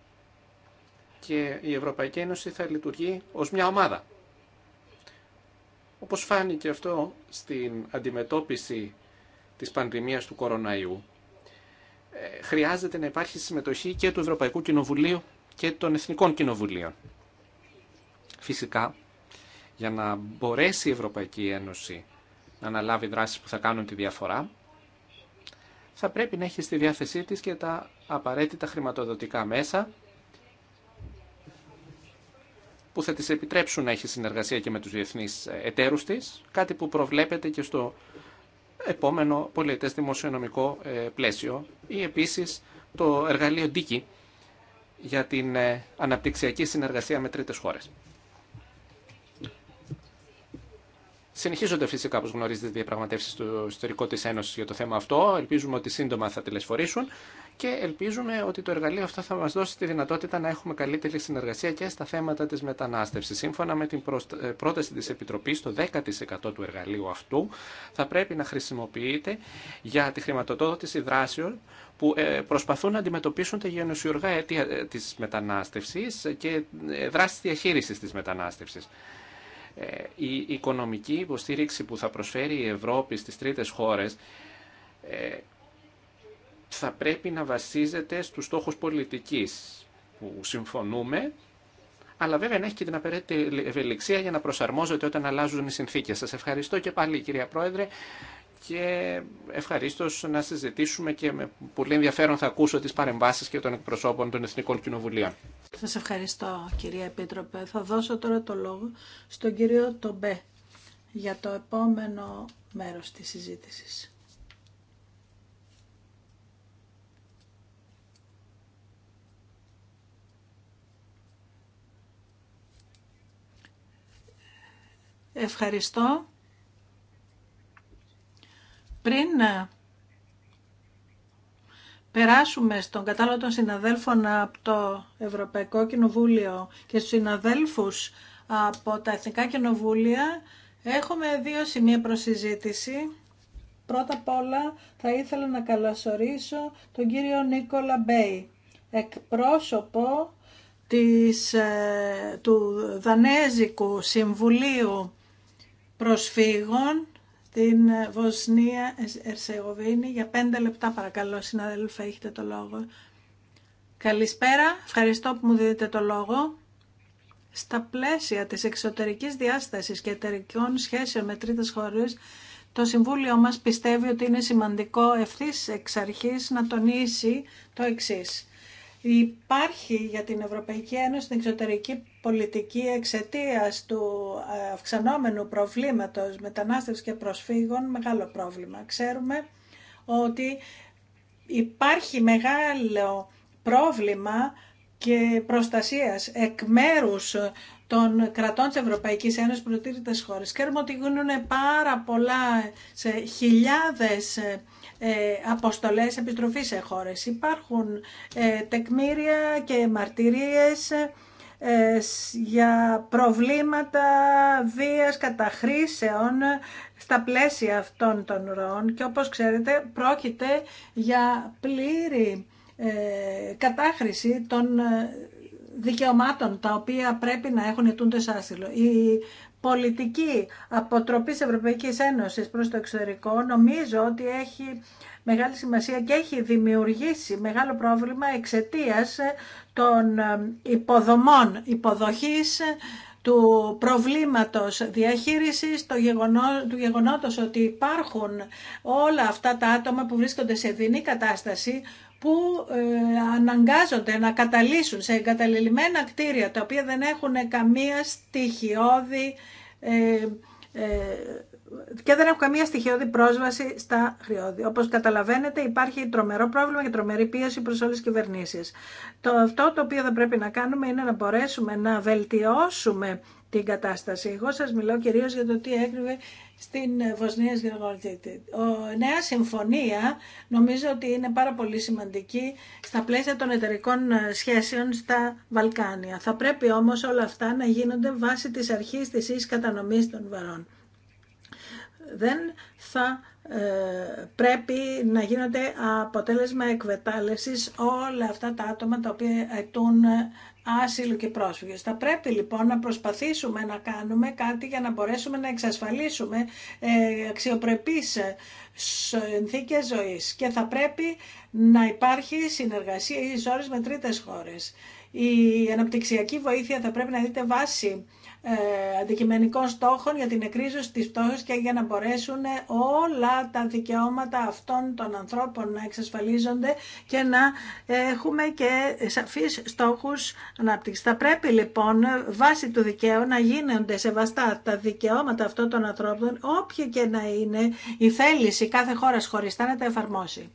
και η Ευρωπαϊκή Ένωση θα λειτουργεί ως μια ομάδα. Όπως φάνηκε αυτό στην αντιμετώπιση της πανδημίας του κοροναϊού, ε, χρειάζεται να υπάρχει συμμετοχή και του Ευρωπαϊκού Κοινοβουλίου και των Εθνικών Κοινοβουλίων. Φυσικά, για να μπορέσει η Ευρωπαϊκή Ένωση να αναλάβει δράσεις που θα κάνουν τη διαφορά, θα πρέπει να έχει στη διάθεσή της και τα απαραίτητα χρηματοδοτικά μέσα που θα τις επιτρέψουν να έχει συνεργασία και με τους διεθνείς ε, εταίρους της, κάτι που προβλέπεται και στο επόμενο πολιτέ δημοσιονομικό ε, πλαίσιο ή επίσης το εργαλείο Ντίκη για την ε, αναπτυξιακή συνεργασία με τρίτες χώρες. Συνεχίζονται φυσικά, όπω γνωρίζετε, οι διαπραγματεύσει στο ιστορικό τη Ένωση για το θέμα αυτό. Ελπίζουμε ότι σύντομα θα τηλεσφορήσουν και ελπίζουμε ότι το εργαλείο αυτό θα μα δώσει τη δυνατότητα να έχουμε καλύτερη συνεργασία και στα θέματα τη μετανάστευση. Σύμφωνα με την ε, πρόταση τη Επιτροπή, το 10% του εργαλείου αυτού θα πρέπει να χρησιμοποιείται για τη χρηματοδότηση δράσεων που ε, προσπαθούν να αντιμετωπίσουν τα γενοσιουργά αιτία ε, τη μετανάστευση και δράσει διαχείριση τη μετανάστευση. Ε, η οικονομική υποστήριξη που θα προσφέρει η Ευρώπη στις τρίτες χώρες ε, θα πρέπει να βασίζεται στους στόχους πολιτικής που συμφωνούμε, αλλά βέβαια να έχει και την απαραίτητη ευελιξία για να προσαρμόζεται όταν αλλάζουν οι συνθήκες. Σας ευχαριστώ και πάλι κυρία Πρόεδρε και ευχαριστώ να συζητήσουμε και με πολύ ενδιαφέρον θα ακούσω τις παρεμβάσει και των εκπροσώπων των Εθνικών Κοινοβουλίων. Σα ευχαριστώ κυρία Επίτροπε. Θα δώσω τώρα το λόγο στον κύριο Τομπέ για το επόμενο μέρος της συζήτηση. Ευχαριστώ. Πριν ε, περάσουμε στον κατάλογο των συναδέλφων από το Ευρωπαϊκό Κοινοβούλιο και στους συναδέλφους από τα Εθνικά Κοινοβούλια, έχουμε δύο σημεία προσυζήτηση. Πρώτα απ' όλα θα ήθελα να καλωσορίσω τον κύριο Νίκολα Μπέι, εκπρόσωπο της, ε, του Δανέζικου Συμβουλίου Προσφύγων στην Βοσνία Ερσεγοβίνη. Για πέντε λεπτά παρακαλώ συναδέλφα έχετε το λόγο. Καλησπέρα, ευχαριστώ που μου δίνετε το λόγο. Στα πλαίσια της εξωτερικής διάστασης και εταιρικών σχέσεων με τρίτες χώρες, το Συμβούλιο μας πιστεύει ότι είναι σημαντικό ευθύ εξ αρχής να τονίσει το εξής υπάρχει για την Ευρωπαϊκή Ένωση την εξωτερική πολιτική εξαιτία του ε, αυξανόμενου προβλήματος μετανάστευση και προσφύγων μεγάλο πρόβλημα. Ξέρουμε ότι υπάρχει μεγάλο πρόβλημα και προστασίας εκ μέρους των κρατών της Ευρωπαϊκής Ένωσης προτείνοντας χώρες. Ξέρουμε ότι γίνουν πάρα πολλά σε χιλιάδες ε, ε, αποστολές επιστροφής σε χώρες. Υπάρχουν ε, τεκμήρια και μαρτυρίες για προβλήματα βίας καταχρήσεων στα πλαίσια αυτών των ροών και όπως ξέρετε πρόκειται για πλήρη κατάχρηση των δικαιωμάτων τα οποία πρέπει να έχουν ετούντε άσυλο. Η πολιτική αποτροπής Ευρωπαϊκής Ένωσης προς το εξωτερικό νομίζω ότι έχει μεγάλη σημασία και έχει δημιουργήσει μεγάλο πρόβλημα εξαιτία των ε, υποδομών υποδοχής του προβλήματος διαχείρισης το του γεγονότος ότι υπάρχουν όλα αυτά τα άτομα που βρίσκονται σε δινή κατάσταση που ε, αναγκάζονται να καταλύσουν σε εγκαταλελειμμένα κτίρια τα οποία δεν έχουν καμία στοιχειώδη ε, ε, και δεν έχω καμία στοιχειώδη πρόσβαση στα χρειώδη. Όπω καταλαβαίνετε υπάρχει τρομερό πρόβλημα και τρομερή πίεση προ όλε τις κυβερνήσει. Το, αυτό το οποίο θα πρέπει να κάνουμε είναι να μπορέσουμε να βελτιώσουμε την κατάσταση. Εγώ σα μιλώ κυρίω για το τι έκρυβε στην Βοσνία Γεωργολτήτη. Η νέα συμφωνία νομίζω ότι είναι πάρα πολύ σημαντική στα πλαίσια των εταιρικών σχέσεων στα Βαλκάνια. Θα πρέπει όμως όλα αυτά να γίνονται βάσει τη αρχή τη ίσης κατανομής των βαρών δεν θα ε, πρέπει να γίνονται αποτέλεσμα εκβετάλεσης όλα αυτά τα άτομα τα οποία αιτούν ε, άσυλο και πρόσφυγες. Θα πρέπει λοιπόν να προσπαθήσουμε να κάνουμε κάτι για να μπορέσουμε να εξασφαλίσουμε ε, αξιοπρεπείς ε, συνθήκες ζωής και θα πρέπει να υπάρχει συνεργασία ή ώρες με τρίτες χώρες. Η ζωρες με τριτες χωρες βοήθεια θα πρέπει να δείτε βάση ε, αντικειμενικών στόχων για την εκρίζωση της φτώχεια και για να μπορέσουν όλα τα δικαιώματα αυτών των ανθρώπων να εξασφαλίζονται και να έχουμε και σαφείς στόχους ανάπτυξης. Θα πρέπει λοιπόν βάσει του δικαίου να γίνονται σεβαστά τα δικαιώματα αυτών των ανθρώπων όποια και να είναι η θέληση κάθε χώρας χωριστά να τα εφαρμόσει.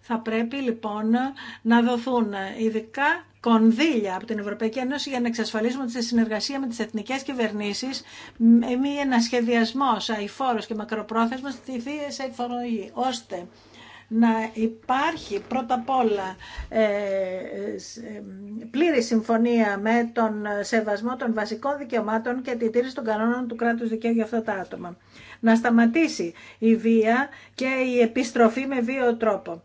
Θα πρέπει λοιπόν να δοθούν ειδικά κονδύλια από την Ευρωπαϊκή Ένωση για να εξασφαλίσουμε τη συνεργασία με τις εθνικές κυβερνήσεις με ένα σχεδιασμό αϊφόρος και μακροπρόθεσμα στη σε εφαρμογή, ώστε να υπάρχει πρώτα απ' όλα ε, ε, πλήρη συμφωνία με τον σεβασμό των βασικών δικαιωμάτων και τη τήρηση των κανόνων του κράτους δικαίου για αυτά τα άτομα. Να σταματήσει η βία και η επιστροφή με βίο τρόπο.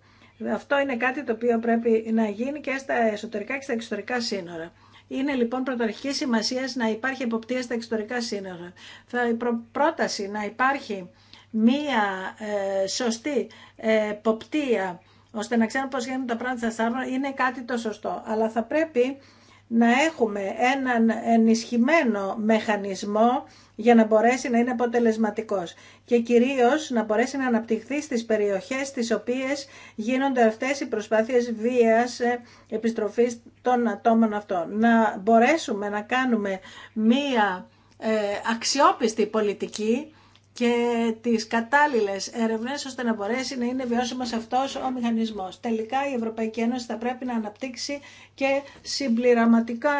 Αυτό είναι κάτι το οποίο πρέπει να γίνει και στα εσωτερικά και στα εξωτερικά σύνορα. Είναι λοιπόν πρωτορχική σημασία να υπάρχει εποπτεία στα εξωτερικά σύνορα. Θα η πρόταση να υπάρχει μία ε, σωστή ε, εποπτεία ώστε να ξέρουμε πώς γίνονται τα πράγματα στα σύνορα είναι κάτι το σωστό. Αλλά θα πρέπει να έχουμε έναν ενισχυμένο μεχανισμό για να μπορέσει να είναι αποτελεσματικός και κυρίως να μπορέσει να αναπτυχθεί στις περιοχές στις οποίες γίνονται αυτές οι προσπάθειες βίας ε, επιστροφής των ατόμων αυτών. Να μπορέσουμε να κάνουμε μία ε, αξιόπιστη πολιτική και τις κατάλληλες έρευνες ώστε να μπορέσει να είναι βιώσιμος αυτός ο μηχανισμός. Τελικά η Ευρωπαϊκή Ένωση θα πρέπει να αναπτύξει και συμπληρωματικά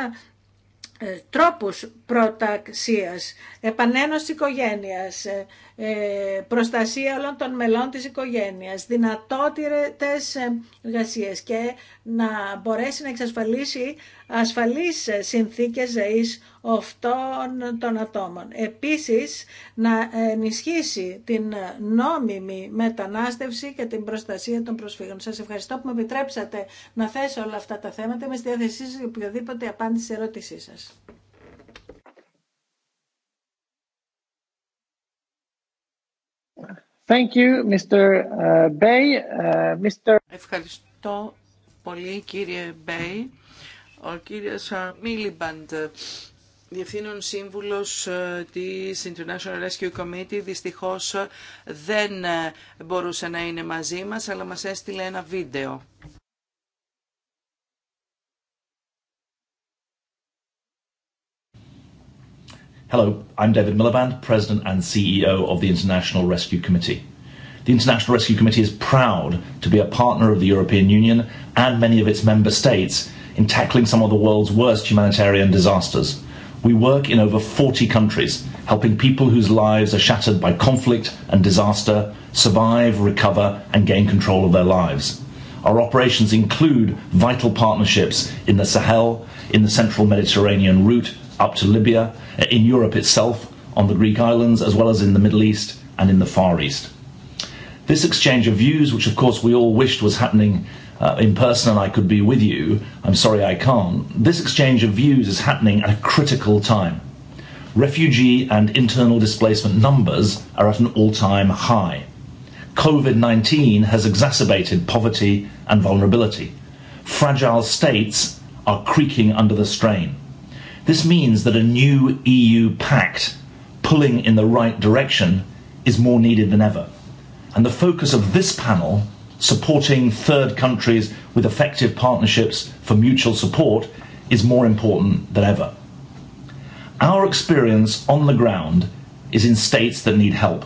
ε, τρόπους προταξίας, επανένωση οικογένειας, ε, ε, προστασία όλων των μελών της οικογένειας, δυνατότητες εργασίες και να μπορέσει να εξασφαλίσει ασφαλείς συνθήκες ζωής αυτών των ατόμων. Επίσης, να ενισχύσει την νόμιμη μετανάστευση και την προστασία των προσφύγων. Σας ευχαριστώ που με επιτρέψατε να θέσω όλα αυτά τα θέματα. Είμαι στη διάθεσή σας για οποιοδήποτε απάντηση σε ερώτησή σας. Thank you, Mr. Bay. Mr. Ευχαριστώ πολύ κύριε Μπέι. Ο κύριος Μίλιμπαντ, Διευθύνων Σύμβουλος ε, της International Rescue Committee, δυστυχώς ε, δεν ε, μπορούσε να είναι μαζί μας, αλλά μας έστειλε ένα βίντεο. Hello, I'm David Miliband, President and CEO of the International Rescue Committee. The International Rescue Committee is proud to be a partner of the European Union and many of its member states in tackling some of the world's worst humanitarian disasters. We work in over 40 countries, helping people whose lives are shattered by conflict and disaster survive, recover, and gain control of their lives. Our operations include vital partnerships in the Sahel, in the central Mediterranean route, up to Libya, in Europe itself, on the Greek islands, as well as in the Middle East and in the Far East. This exchange of views, which of course we all wished was happening in person and I could be with you, I'm sorry I can't, this exchange of views is happening at a critical time. Refugee and internal displacement numbers are at an all-time high. COVID-19 has exacerbated poverty and vulnerability. Fragile states are creaking under the strain. This means that a new EU pact pulling in the right direction is more needed than ever. And the focus of this panel, supporting third countries with effective partnerships for mutual support, is more important than ever. Our experience on the ground is in states that need help.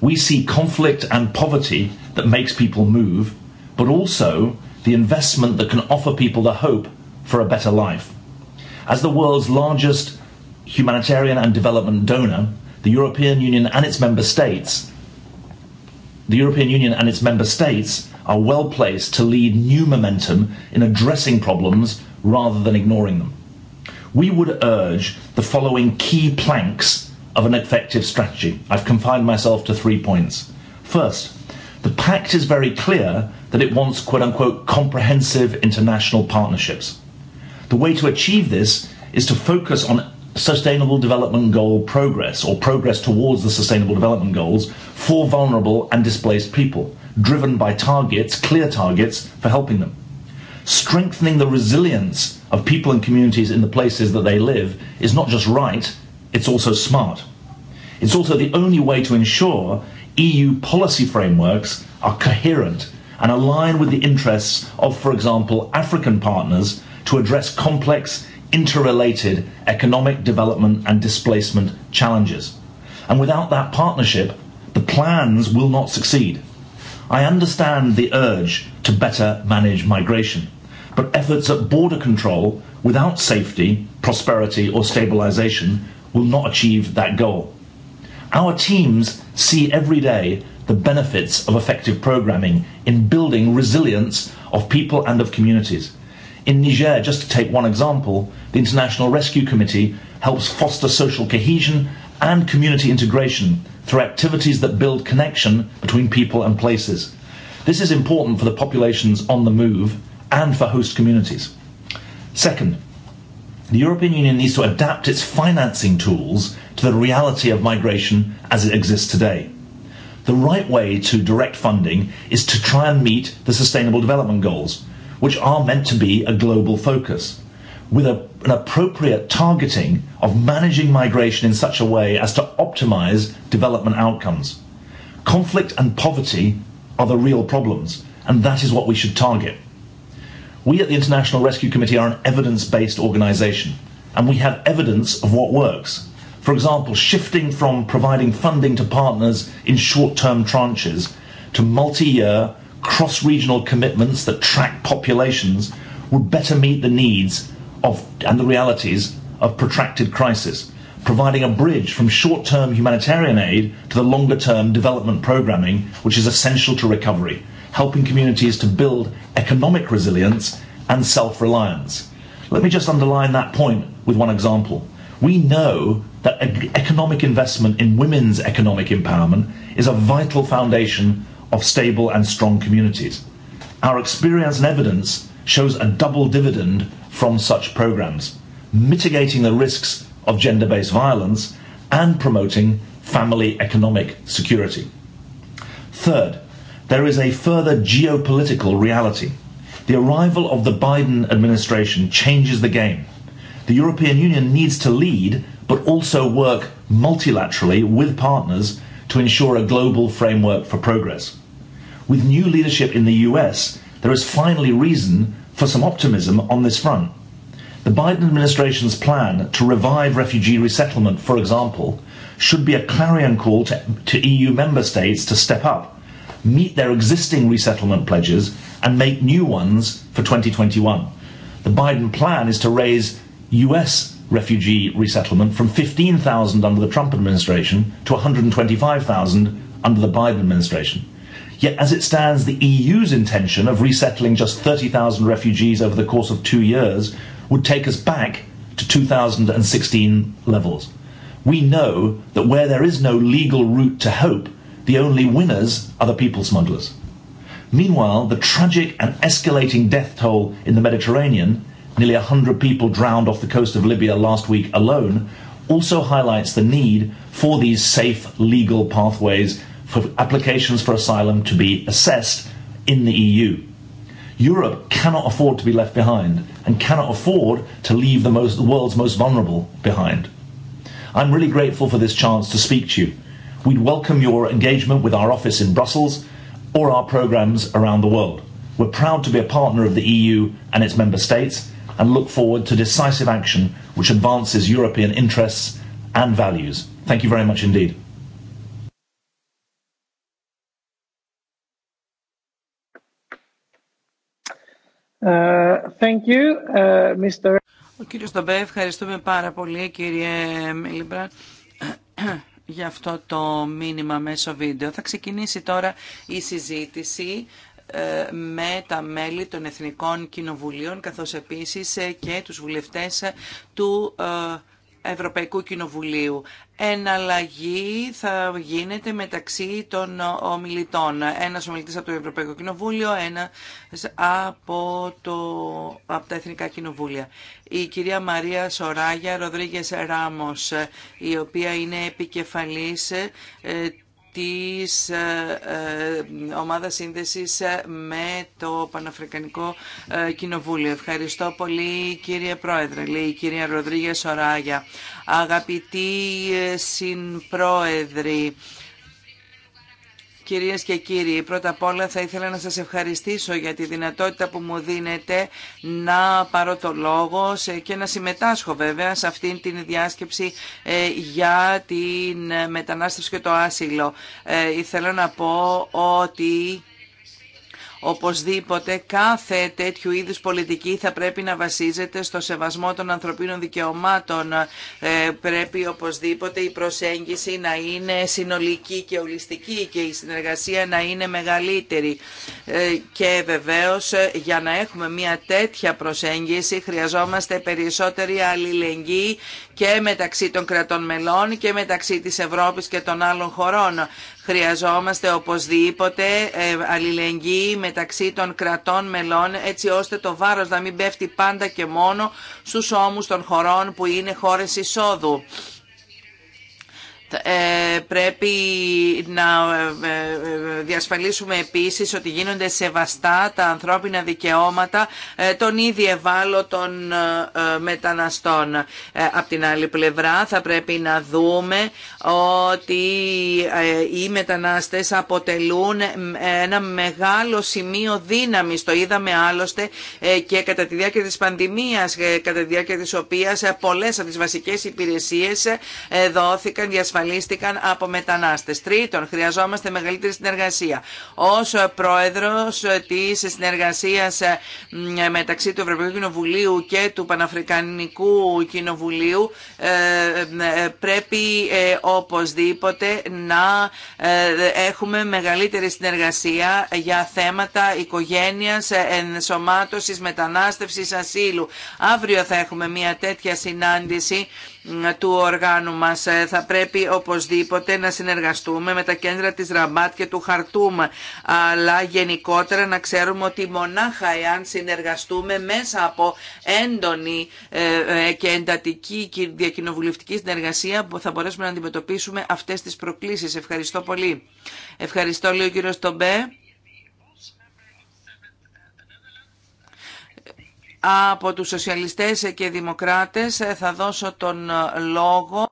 We see conflict and poverty that makes people move, but also the investment that can offer people the hope for a better life. As the world's largest humanitarian and development donor, the European Union and its member states the European Union and its member states are well placed to lead new momentum in addressing problems rather than ignoring them. We would urge the following key planks of an effective strategy. I've confined myself to three points. First, the pact is very clear that it wants quote unquote comprehensive international partnerships. The way to achieve this is to focus on sustainable development goal progress or progress towards the sustainable development goals for vulnerable and displaced people, driven by targets, clear targets for helping them. Strengthening the resilience of people and communities in the places that they live is not just right, it's also smart. It's also the only way to ensure EU policy frameworks are coherent and align with the interests of, for example, African partners to address complex, interrelated economic development and displacement challenges. And without that partnership, the plans will not succeed. I understand the urge to better manage migration, but efforts at border control without safety, prosperity, or stabilization will not achieve that goal. Our teams see every day the benefits of effective programming in building resilience of people and of communities In Niger, just to take one example, the International Rescue Committee helps foster social cohesion and community integration through activities that build connection between people and places. This is important for the populations on the move and for host communities. Second, the European Union needs to adapt its financing tools to the reality of migration as it exists today. The right way to direct funding is to try and meet the Sustainable Development Goals – which are meant to be a global focus, with a, an appropriate targeting of managing migration in such a way as to optimize development outcomes. Conflict and poverty are the real problems, and that is what we should target. We at the International Rescue Committee are an evidence based organization, and we have evidence of what works. For example, shifting from providing funding to partners in short term tranches to multi year cross regional commitments that track populations would better meet the needs of and the realities of protracted crisis, providing a bridge from short term humanitarian aid to the longer term development programming, which is essential to recovery, helping communities to build economic resilience and self reliance. Let me just underline that point with one example. We know that economic investment in women's economic empowerment is a vital foundation of stable and strong communities. Our experience and evidence shows a double dividend from such programs, mitigating the risks of gender-based violence and promoting family economic security. Third, there is a further geopolitical reality. The arrival of the Biden administration changes the game. The European Union needs to lead, but also work multilaterally with partners to ensure a global framework for progress. With new leadership in the US, there is finally reason for some optimism on this front. The Biden administration's plan to revive refugee resettlement, for example, should be a clarion call to, EU member states to step up, meet their existing resettlement pledges, and make new ones for 2021. The Biden plan is to raise US refugee resettlement from 15,000 under the Trump administration to 125,000 under the Biden administration. Yet as it stands, the EU's intention of resettling just 30,000 refugees over the course of two years would take us back to 2016 levels. We know that where there is no legal route to hope, the only winners are the people smugglers. Meanwhile, the tragic and escalating death toll in the Mediterranean nearly 100 people drowned off the coast of Libya last week alone, also highlights the need for these safe legal pathways for applications for asylum to be assessed in the EU. Europe cannot afford to be left behind and cannot afford to leave the, most, the world's most vulnerable behind. I'm really grateful for this chance to speak to you. We'd welcome your engagement with our office in Brussels or our programs around the world. We're proud to be a partner of the EU and its member states and look forward to decisive action which advances European interests and values. Thank you very much indeed. Thank you, Mr. Ο κύριος Ντομπέ, ευχαριστούμε πάρα πολύ κύριε Μίλιμπρα για αυτό το μήνυμα μέσω βίντεο. Θα ξεκινήσει τώρα η συζήτηση ε, με τα μέλη των Εθνικών Κοινοβουλίων καθώς επίσης ε, και τους βουλευτές ε, του Ευρωπαϊκού Κοινοβουλίου. Εναλλαγή θα γίνεται μεταξύ των ομιλητών. Ένας ομιλητής από το Ευρωπαϊκό Κοινοβούλιο, ένα από, το, από τα Εθνικά Κοινοβούλια. Η κυρία Μαρία Σοράγια Ροδρίγες Ράμος, η οποία είναι επικεφαλής της ε, ε, ομάδας σύνδεσης ε, με το Παναφρικανικό Κοινοβούλιο. Ευχαριστώ πολύ κύριε Πρόεδρε, λέει η κυρία Ροδρίγε Σοράγια. Αγαπητοί συμπρόεδροι, Κυρίες και κύριοι, πρώτα απ' όλα θα ήθελα να σας ευχαριστήσω για τη δυνατότητα που μου δίνετε να πάρω το λόγο και να συμμετάσχω βέβαια σε αυτήν την διάσκεψη ε, για την μετανάστευση και το άσυλο. Ε, ήθελα να πω ότι Οπωσδήποτε κάθε τέτοιου είδους πολιτική θα πρέπει να βασίζεται στο σεβασμό των ανθρωπίνων δικαιωμάτων. Ε, πρέπει οπωσδήποτε η προσέγγιση να είναι συνολική και ολιστική και η συνεργασία να είναι μεγαλύτερη. Ε, και βεβαίως ε, για να έχουμε μια τέτοια προσέγγιση χρειαζόμαστε περισσότερη αλληλεγγύη και μεταξύ των κρατών μελών και μεταξύ της Ευρώπης και των άλλων χωρών. Χρειαζόμαστε οπωσδήποτε ε, αλληλεγγύη μεταξύ των κρατών μελών έτσι ώστε το βάρος να μην πέφτει πάντα και μόνο στους ώμους των χωρών που είναι χώρες εισόδου. Ε, πρέπει να ε, ε, διασφαλίσουμε επίσης ότι γίνονται σεβαστά τα ανθρώπινα δικαιώματα των ήδη ευάλωτων μεταναστών. Απ' την άλλη πλευρά θα πρέπει να δούμε ότι οι μετανάστες αποτελούν ένα μεγάλο σημείο δύναμης. Το είδαμε άλλωστε και κατά τη διάρκεια της πανδημίας, κατά τη διάρκεια της οποίας πολλές από τις βασικές υπηρεσίες δόθηκαν διασφαλίσεις από μετανάστες. Τρίτον, χρειαζόμαστε μεγαλύτερη συνεργασία. Ω πρόεδρος της συνεργασία ε, μεταξύ του Ευρωπαϊκού Κοινοβουλίου και του Παναφρικανικού Κοινοβουλίου ε, ε, πρέπει οπωσδήποτε να έχουμε μεγαλύτερη συνεργασία για θέματα οικογένειας, ενσωμάτωσης, μετανάστευση ασύλου. Αύριο θα έχουμε μια τέτοια συνάντηση του οργάνου μας. Ε, θα πρέπει οπωσδήποτε να συνεργαστούμε με τα κέντρα της Ραμπάτ και του Χαρτούμ, αλλά γενικότερα να ξέρουμε ότι μονάχα εάν συνεργαστούμε μέσα από έντονη ε, ε, και εντατική διακοινοβουλευτική συνεργασία θα μπορέσουμε να αντιμετωπίσουμε αυτές τις προκλήσεις. Ευχαριστώ πολύ. Ευχαριστώ λέει ο κύριος Τομπέ. Από τους σοσιαλιστές και δημοκράτες ε, θα δώσω τον ε, λόγο.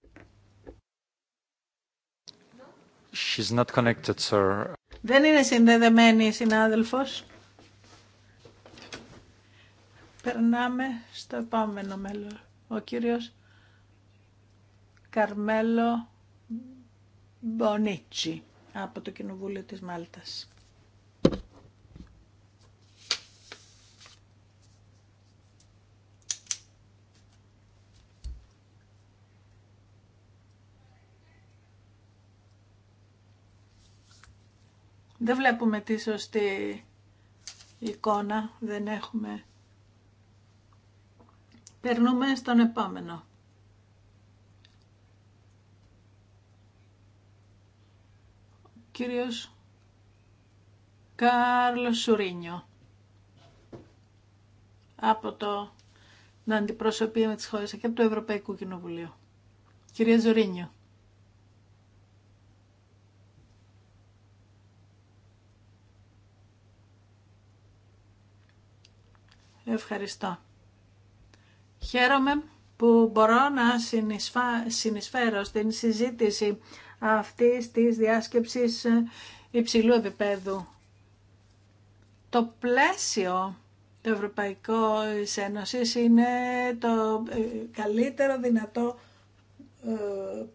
Δεν είναι συνδεδεμένη η συνάδελφος. Περνάμε στο επόμενο μέλο Ο κύριος Καρμέλο Μπονίτσι από το Κοινοβούλιο της Μάλτας. Δεν βλέπουμε τη σωστή εικόνα, δεν έχουμε. Περνούμε στον επόμενο. κύριος Κάρλος Σουρίνιο από το να αντιπροσωπεί με τις χώρες και από το Ευρωπαϊκό Κοινοβουλίο. Κυρία Σουρίνιο. Ευχαριστώ. Χαίρομαι που μπορώ να συνεισφέρω στην συζήτηση αυτή της διάσκεψης υψηλού επίπεδου. Το πλαίσιο του ευρωπαϊκού Ένωση είναι το ε, καλύτερο δυνατό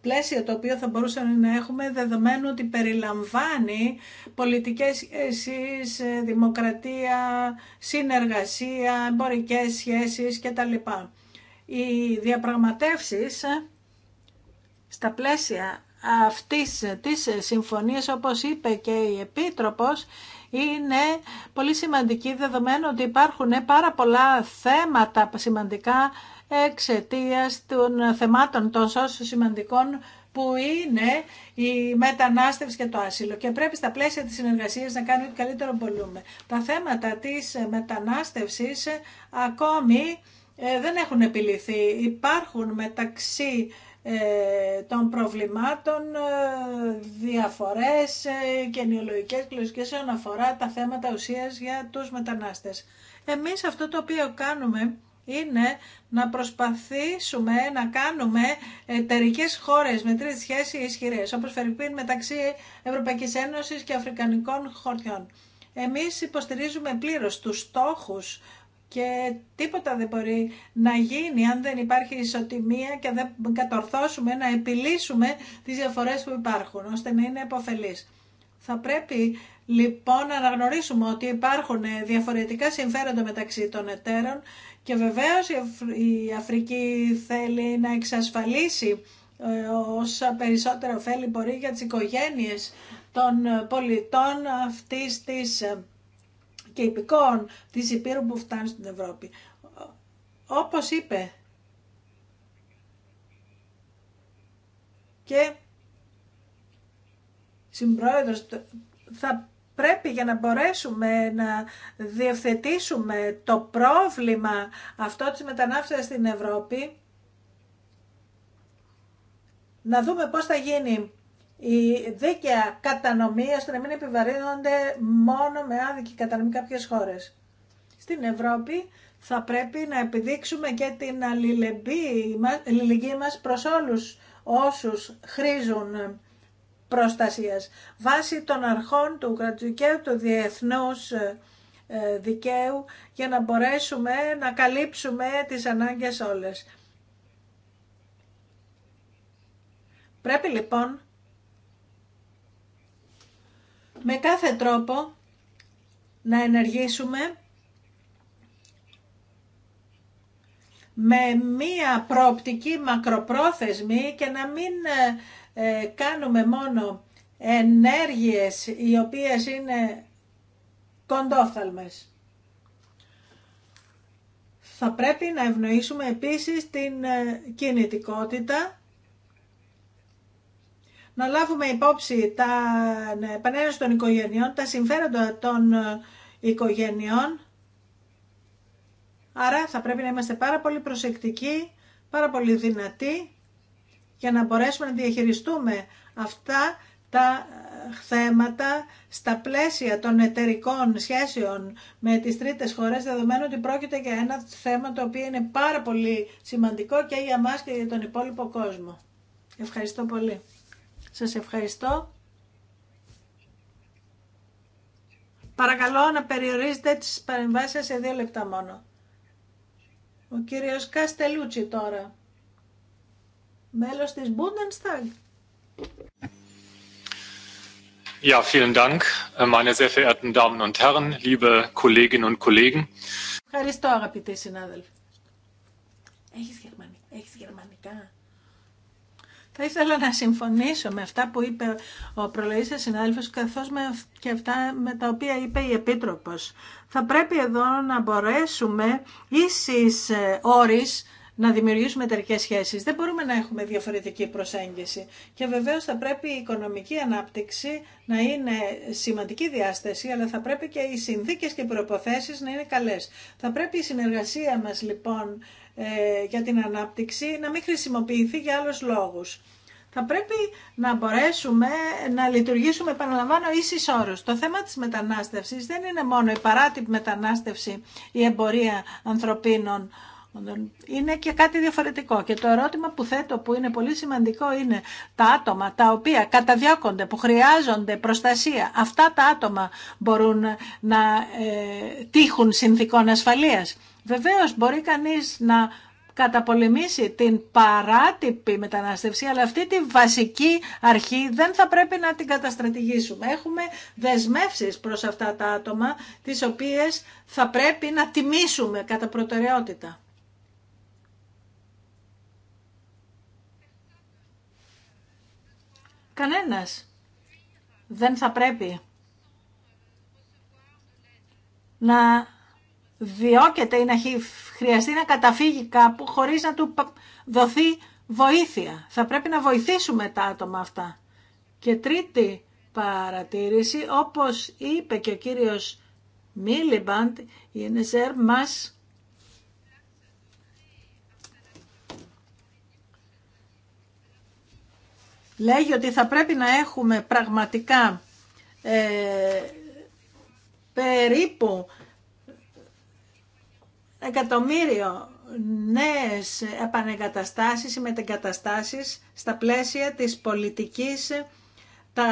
πλαίσιο το οποίο θα μπορούσαμε να έχουμε δεδομένου ότι περιλαμβάνει πολιτικές σχέσεις, δημοκρατία, συνεργασία, εμπορικές σχέσεις κτλ. Οι διαπραγματεύσεις στα πλαίσια αυτής της συμφωνίας όπως είπε και η Επίτροπος είναι πολύ σημαντική δεδομένου ότι υπάρχουν πάρα πολλά θέματα σημαντικά εξαιτία των θεμάτων τόσο σημαντικών που είναι η μετανάστευση και το άσυλο. Και πρέπει στα πλαίσια της συνεργασίας να κάνουμε ό,τι καλύτερο μπορούμε. Τα θέματα της μετανάστευσης ακόμη ε, δεν έχουν επιληθεί. Υπάρχουν μεταξύ ε, των προβλημάτων ε, διαφορές και κλωσικές όσον αφορά τα θέματα ουσίας για τους μετανάστες. Εμείς αυτό το οποίο κάνουμε είναι να προσπαθήσουμε να κάνουμε εταιρικέ χώρες με τρίτη σχέση ισχυρέ, όπω φερειπίν μεταξύ Ευρωπαϊκή Ένωσης και Αφρικανικών χωριών. Εμείς υποστηρίζουμε πλήρως του στόχους και τίποτα δεν μπορεί να γίνει αν δεν υπάρχει ισοτιμία και δεν κατορθώσουμε να επιλύσουμε τις διαφορές που υπάρχουν, ώστε να είναι επωφελής. Θα πρέπει λοιπόν να αναγνωρίσουμε ότι υπάρχουν διαφορετικά συμφέροντα μεταξύ των εταίρων και βεβαίως η Αφρική θέλει να εξασφαλίσει ε, όσα περισσότερα ωφέλη μπορεί για τις οικογένειες των πολιτών αυτής της ε, και υπηκών της Υπήρου που φτάνει στην Ευρώπη. Όπως είπε και συμπρόεδρος θα πρέπει για να μπορέσουμε να διευθετήσουμε το πρόβλημα αυτό της μετανάστευσης στην Ευρώπη, να δούμε πώς θα γίνει η δίκαια κατανομή, ώστε να μην επιβαρύνονται μόνο με άδικη κατανομή κάποιες χώρες. Στην Ευρώπη θα πρέπει να επιδείξουμε και την αλληλεγγύη μας προς όλους όσους χρήζουν προστασίας. Βάσει των αρχών του κρατικού του διεθνούς ε, ε, δικαίου για να μπορέσουμε να καλύψουμε τις ανάγκες όλες. Πρέπει λοιπόν με κάθε τρόπο να ενεργήσουμε με μία προοπτική μακροπρόθεσμη και να μην ε, ε, κάνουμε μόνο ενέργειες οι οποίες είναι κοντόφθαλμες. Θα πρέπει να ευνοήσουμε επίσης την ε, κινητικότητα, να λάβουμε υπόψη τα επανένωση των οικογενειών, τα συμφέροντα των ε, οικογενειών, άρα θα πρέπει να είμαστε πάρα πολύ προσεκτικοί, πάρα πολύ δυνατοί για να μπορέσουμε να διαχειριστούμε αυτά τα θέματα στα πλαίσια των εταιρικών σχέσεων με τις τρίτες χώρες, δεδομένου ότι πρόκειται για ένα θέμα το οποίο είναι πάρα πολύ σημαντικό και για μας και για τον υπόλοιπο κόσμο. Ευχαριστώ πολύ. Σας ευχαριστώ. Παρακαλώ να περιορίζετε τις παρεμβάσεις σε δύο λεπτά μόνο. Ο κύριος Καστελούτσι τώρα μέλος της Bundestag. Ja, vielen Dank, meine sehr verehrten Damen und Herren, liebe Kolleginnen und Kollegen. Ευχαριστώ, αγαπητοί συνάδελφοι. Έχεις γερμανικά, έχεις γερμανικά. Θα ήθελα να συμφωνήσω με αυτά που είπε ο προλεήσιος συνάδελφος καθώς με, και αυτά με τα οποία είπε η Επίτροπος. Θα πρέπει εδώ να μπορέσουμε ίσης ε, όρις να δημιουργήσουμε εταιρικέ σχέσει. Δεν μπορούμε να έχουμε διαφορετική προσέγγιση. Και βεβαίω θα πρέπει η οικονομική ανάπτυξη να είναι σημαντική διάσταση, αλλά θα πρέπει και οι συνθήκες και οι προποθέσει να είναι καλέ. Θα πρέπει η συνεργασία μα, λοιπόν ε, για την ανάπτυξη να μην χρησιμοποιηθεί για άλλου λόγου. Θα πρέπει να μπορέσουμε να λειτουργήσουμε, επαναλαμβάνω, ίση όρου. Το θέμα τη μετανάστευση δεν είναι μόνο η παράτυπη μετανάστευση, η εμπορία ανθρωπίνων είναι και κάτι διαφορετικό. Και το ερώτημα που θέτω που είναι πολύ σημαντικό είναι τα άτομα τα οποία καταδιώκονται, που χρειάζονται προστασία, αυτά τα άτομα μπορούν να ε, τύχουν συνθήκων ασφαλείας. Βεβαίως μπορεί κανείς να καταπολεμήσει την παράτυπη μετανάστευση, αλλά αυτή τη βασική αρχή δεν θα πρέπει να την καταστρατηγήσουμε. Έχουμε δεσμεύσεις προς αυτά τα άτομα, τις οποίες θα πρέπει να τιμήσουμε κατά προτεραιότητα. Κανένας δεν θα πρέπει να διώκεται ή να χρειαστεί να καταφύγει κάπου χωρίς να του δοθεί βοήθεια. Θα πρέπει να βοηθήσουμε τα άτομα αυτά. Και τρίτη παρατήρηση, όπως είπε και ο κύριος Μίλιμπαντ, η ΕΝΕΣΕΡ μας λέγει ότι θα πρέπει να έχουμε πραγματικά ε, περίπου εκατομμύριο νέες επανεγκαταστάσεις ή μετεγκαταστάσεις στα πλαίσια της πολιτικής τα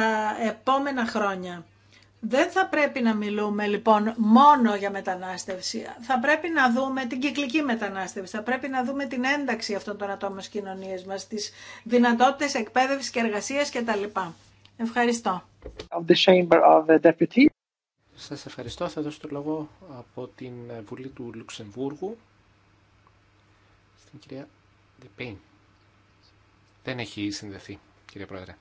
επόμενα χρόνια. Δεν θα πρέπει να μιλούμε λοιπόν μόνο για μετανάστευση. Θα πρέπει να δούμε την κυκλική μετανάστευση. Θα πρέπει να δούμε την ένταξη αυτών των ατόμων στις κοινωνίες μας, τις δυνατότητες εκπαίδευσης και εργασίας κτλ. Ευχαριστώ. Of the Chamber of Σας ευχαριστώ. Θα δώσω το λόγο από την Βουλή του Λουξεμβούργου στην κυρία Δεπέιν. Δεν έχει συνδεθεί, κύριε Πρόεδρε.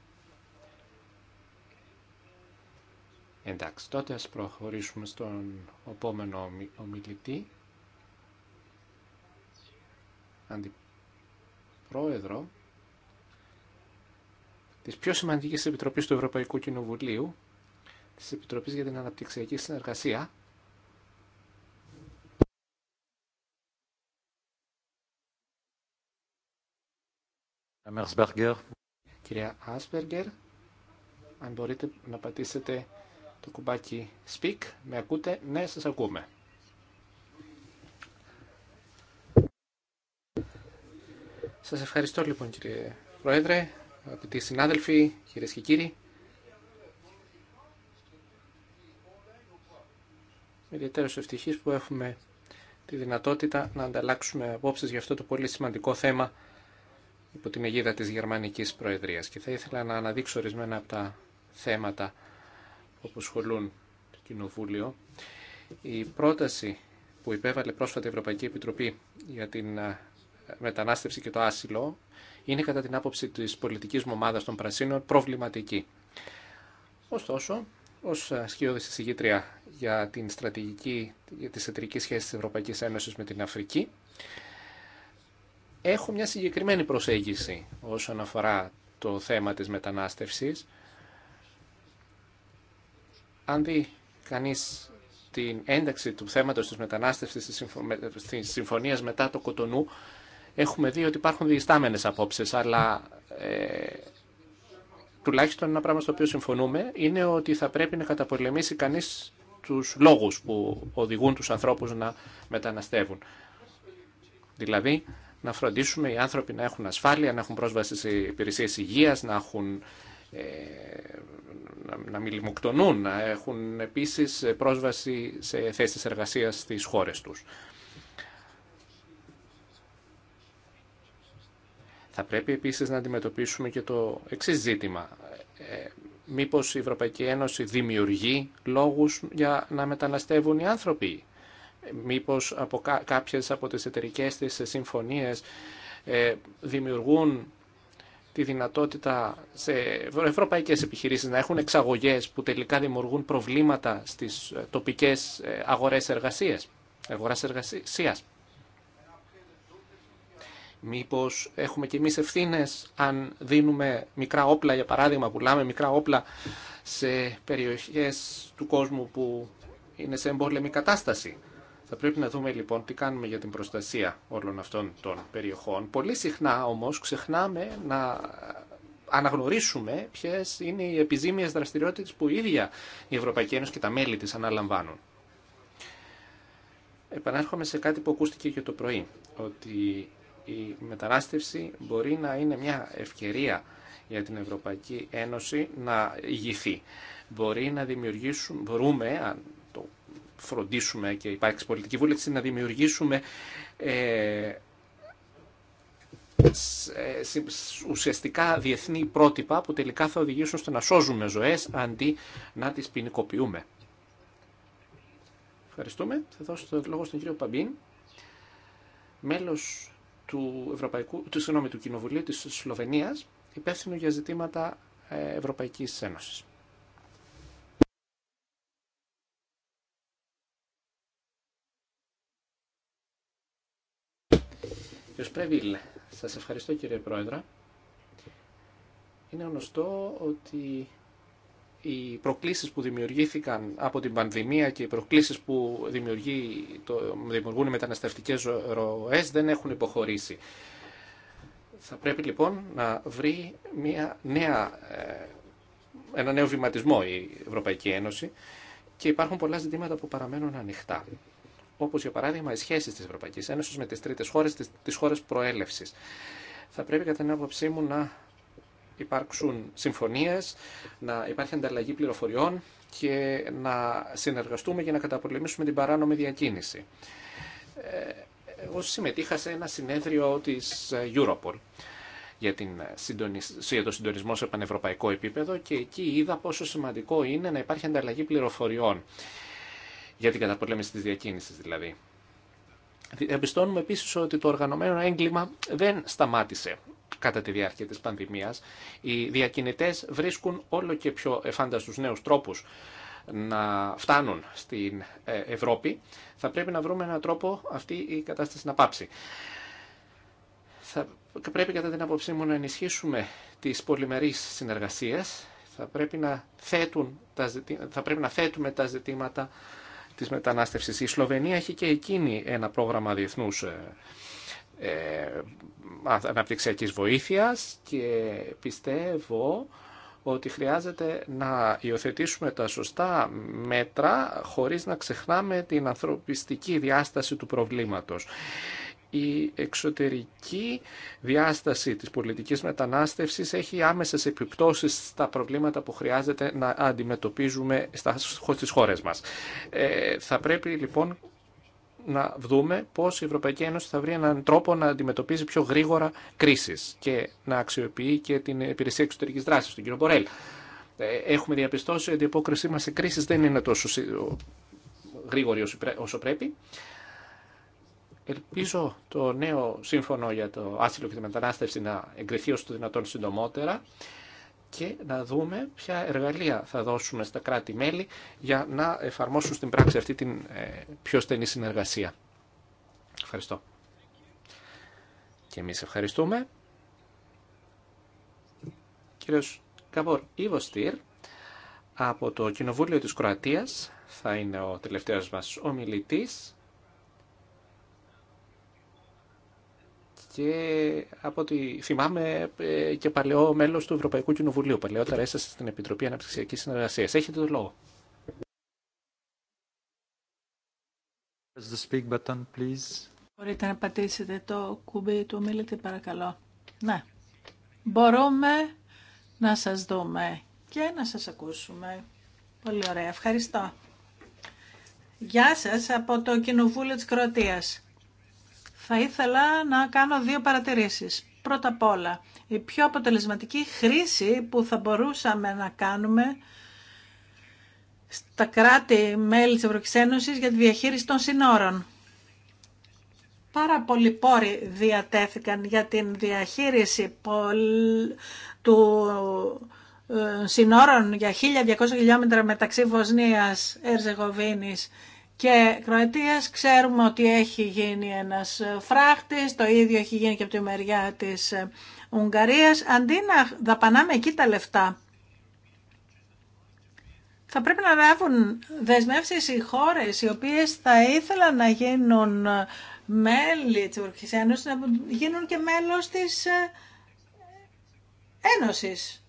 Εντάξει, τότε ας προχωρήσουμε στον επόμενο ομιλητή. Αντιπρόεδρο της πιο σημαντικής επιτροπής του Ευρωπαϊκού Κοινοβουλίου, της Επιτροπής για την Αναπτυξιακή Συνεργασία, Κυρία Άσπεργκερ, αν μπορείτε να πατήσετε το κουμπάκι speak. Με ακούτε. Ναι, σας ακούμε. Σας ευχαριστώ λοιπόν κύριε Πρόεδρε, αγαπητοί συνάδελφοι, κυρίες και κύριοι. Ιδιαίτερος ευτυχής που έχουμε τη δυνατότητα να ανταλλάξουμε απόψεις για αυτό το πολύ σημαντικό θέμα υπό την αιγίδα της Γερμανικής Προεδρίας. Και θα ήθελα να αναδείξω ορισμένα από τα θέματα σχολούν το Κοινοβούλιο. Η πρόταση που υπέβαλε πρόσφατα η Ευρωπαϊκή Επιτροπή για την ε, μετανάστευση και το άσυλο είναι κατά την άποψη της πολιτικής μου ομάδας των Πρασίνων προβληματική. Ωστόσο, ως ε, σχεδόν εισηγήτρια για την στρατηγική για τις εταιρικές σχέσεις της Ευρωπαϊκής Ένωσης με την Αφρική, έχω μια συγκεκριμένη προσέγγιση όσον αφορά το θέμα της μετανάστευσης αν δει κανείς την ένταξη του θέματος της μετανάστευσης τη συμφωνία μετά το Κοτονού, έχουμε δει ότι υπάρχουν διεστάμενες απόψεις, αλλά ε, τουλάχιστον ένα πράγμα στο οποίο συμφωνούμε είναι ότι θα πρέπει να καταπολεμήσει κανείς τους λόγους που οδηγούν του ανθρώπους να μεταναστεύουν. Δηλαδή, να φροντίσουμε οι άνθρωποι να έχουν ασφάλεια, να έχουν πρόσβαση σε υπηρεσίες υγείας, να έχουν ε, να μην λιμοκτονούν, να έχουν επίσης πρόσβαση σε θέσεις εργασίας στις χώρες τους. Θα πρέπει επίσης να αντιμετωπίσουμε και το εξή ζήτημα. Ε, μήπως η Ευρωπαϊκή Ένωση δημιουργεί λόγους για να μεταναστεύουν οι άνθρωποι. Μήπως από κάποιες από τις εταιρικές της συμφωνίες ε, δημιουργούν τη δυνατότητα σε ευρωπαϊκές επιχειρήσεις να έχουν εξαγωγές που τελικά δημιουργούν προβλήματα στις ε, τοπικές ε, αγορές εργασίας, αγοράς εργασίας. Μήπως έχουμε και εμείς ευθύνες αν δίνουμε μικρά όπλα, για παράδειγμα, πουλάμε μικρά όπλα σε περιοχές του κόσμου που είναι σε εμπόλεμη κατάσταση. Θα πρέπει να δούμε λοιπόν τι κάνουμε για την προστασία όλων αυτών των περιοχών. Πολύ συχνά όμως ξεχνάμε να αναγνωρίσουμε ποιες είναι οι επιζήμιες δραστηριότητες που η ίδια η Ευρωπαϊκή Ένωση και τα μέλη της αναλαμβάνουν. Επανέρχομαι σε κάτι που ακούστηκε και το πρωί, ότι η μετανάστευση μπορεί να είναι μια ευκαιρία για την Ευρωπαϊκή Ένωση να ηγηθεί. Μπορεί να δημιουργήσουμε, μπορούμε, φροντίσουμε και υπάρξει πολιτική βούλευση να δημιουργήσουμε ε, ε ουσιαστικά διεθνή πρότυπα που τελικά θα οδηγήσουν στο να σώζουμε ζωές αντί να τις ποινικοποιούμε. Ευχαριστούμε. Θα δώσω το λόγο στον κύριο Παμπίν, μέλος του, Ευρωπαϊκού, του, συγγνώμη, του Κοινοβουλίου της Σλοβενίας, υπεύθυνο για ζητήματα ε, Ευρωπαϊκής Ένωσης. κύριος σας ευχαριστώ κύριε Πρόεδρα. Είναι γνωστό ότι οι προκλήσεις που δημιουργήθηκαν από την πανδημία και οι προκλήσεις που το, δημιουργούν οι μεταναστευτικές ροές δεν έχουν υποχωρήσει. Θα πρέπει λοιπόν να βρει μια νέα, ε, ένα νέο βηματισμό η Ευρωπαϊκή Ένωση και υπάρχουν πολλά ζητήματα που παραμένουν ανοιχτά όπως για παράδειγμα οι σχέσεις της Ευρωπαϊκής Ένωσης με τις τρίτες χώρες, τις, χώρε χώρες προέλευσης. Θα πρέπει κατά την άποψή μου να υπάρξουν συμφωνίες, να υπάρχει ανταλλαγή πληροφοριών και να συνεργαστούμε για να καταπολεμήσουμε την παράνομη διακίνηση. Ε, εγώ συμμετείχα σε ένα συνέδριο της Europol για, την για το συντονισμό σε πανευρωπαϊκό επίπεδο και εκεί είδα πόσο σημαντικό είναι να υπάρχει ανταλλαγή πληροφοριών για την καταπολέμηση της διακίνησης δηλαδή. Επιστώνουμε επίσης ότι το οργανωμένο έγκλημα δεν σταμάτησε κατά τη διάρκεια της πανδημίας. Οι διακινητές βρίσκουν όλο και πιο εφάνταστους νέους τρόπους να φτάνουν στην ε, Ευρώπη. Θα πρέπει να βρούμε έναν τρόπο αυτή η κατάσταση να πάψει. Θα πρέπει κατά την άποψή μου να ενισχύσουμε τις πολυμερείς συνεργασίες. πρέπει να, θα πρέπει να θέτουμε τα ζητήματα η Σλοβενία έχει και εκείνη ένα πρόγραμμα διεθνού ε, ε, αναπτυξιακής βοήθειας και πιστεύω ότι χρειάζεται να υιοθετήσουμε τα σωστά μέτρα χωρίς να ξεχνάμε την ανθρωπιστική διάσταση του προβλήματος η εξωτερική διάσταση της πολιτικής μετανάστευσης έχει άμεσες επιπτώσεις στα προβλήματα που χρειάζεται να αντιμετωπίζουμε στις χώρες μας. Ε, θα πρέπει λοιπόν να δούμε πώς η Ευρωπαϊκή Ένωση θα βρει έναν τρόπο να αντιμετωπίζει πιο γρήγορα κρίσεις και να αξιοποιεί και την υπηρεσία εξωτερικής δράσης, τον κύριο Μπορέλ. Ε, έχουμε διαπιστώσει ότι η απόκρισή μας σε κρίσεις δεν είναι τόσο γρήγορη όσο πρέπει. Ελπίζω το νέο σύμφωνο για το άσυλο και τη μετανάστευση να εγκριθεί όσο το δυνατόν συντομότερα και να δούμε ποια εργαλεία θα δώσουμε στα κράτη-μέλη για να εφαρμόσουν στην πράξη αυτή την ε, πιο στενή συνεργασία. Ευχαριστώ. Και εμείς ευχαριστούμε. Κύριος Καμπορ Ιβοστήρ από το Κοινοβούλιο της Κροατίας θα είναι ο τελευταίος μας ομιλητής και από ό,τι θυμάμαι ε, και παλαιό μέλος του Ευρωπαϊκού Κοινοβουλίου. Παλαιότερα έστασε στην Επιτροπή Αναπτυξιακής Συνεργασίας. Έχετε το λόγο. speak button, please. Μπορείτε να πατήσετε το κουμπί του ομίλητη παρακαλώ. Ναι. Μπορούμε να σας δούμε και να σας ακούσουμε. Πολύ ωραία. Ευχαριστώ. Γεια σας από το Κοινοβούλιο της Κροατίας θα ήθελα να κάνω δύο παρατηρήσεις. Πρώτα απ' όλα, η πιο αποτελεσματική χρήση που θα μπορούσαμε να κάνουμε στα κράτη-μέλη της Ευρωπαϊκής για τη διαχείριση των συνόρων. Πάρα πολλοί πόροι διατέθηκαν για την διαχείριση του ε, συνόρων για 1.200 χιλιόμετρα μεταξύ Βοσνίας-Ερζεγοβίνης και Κροατίας. Ξέρουμε ότι έχει γίνει ένας ε, φράχτης, το ίδιο έχει γίνει και από τη μεριά της ε, Ουγγαρίας. Αντί να δαπανάμε εκεί τα λεφτά, θα πρέπει να λάβουν δεσμεύσεις οι χώρες οι οποίες θα ήθελαν να γίνουν ε, μέλη της Ευρωπαϊκής Ένωσης, να γίνουν και μέλος της Ένωσης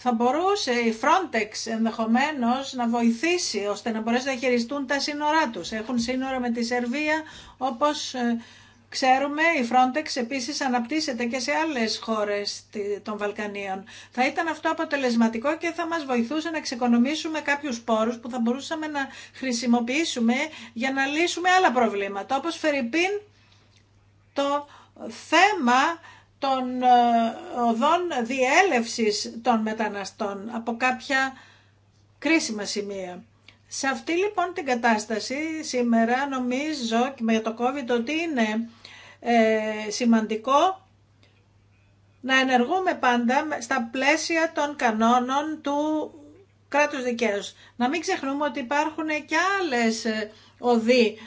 θα μπορούσε η Frontex ενδεχομένως να βοηθήσει ώστε να μπορέσουν να χειριστούν τα σύνορά τους. Έχουν σύνορα με τη Σερβία όπως ε, ξέρουμε η Frontex επίσης αναπτύσσεται και σε άλλες χώρες των Βαλκανίων. Θα ήταν αυτό αποτελεσματικό και θα μας βοηθούσε να ξεκονομήσουμε κάποιους πόρους που θα μπορούσαμε να χρησιμοποιήσουμε για να λύσουμε άλλα προβλήματα όπως Φερρυπίν το θέμα των ε, οδών διέλευσης των μεταναστών από κάποια κρίσιμα σημεία. Σε αυτή λοιπόν την κατάσταση σήμερα νομίζω και με το COVID ότι είναι ε, σημαντικό να ενεργούμε πάντα στα πλαίσια των κανόνων του κράτους δικαίου. Να μην ξεχνούμε ότι υπάρχουν και άλλες ε, οδοί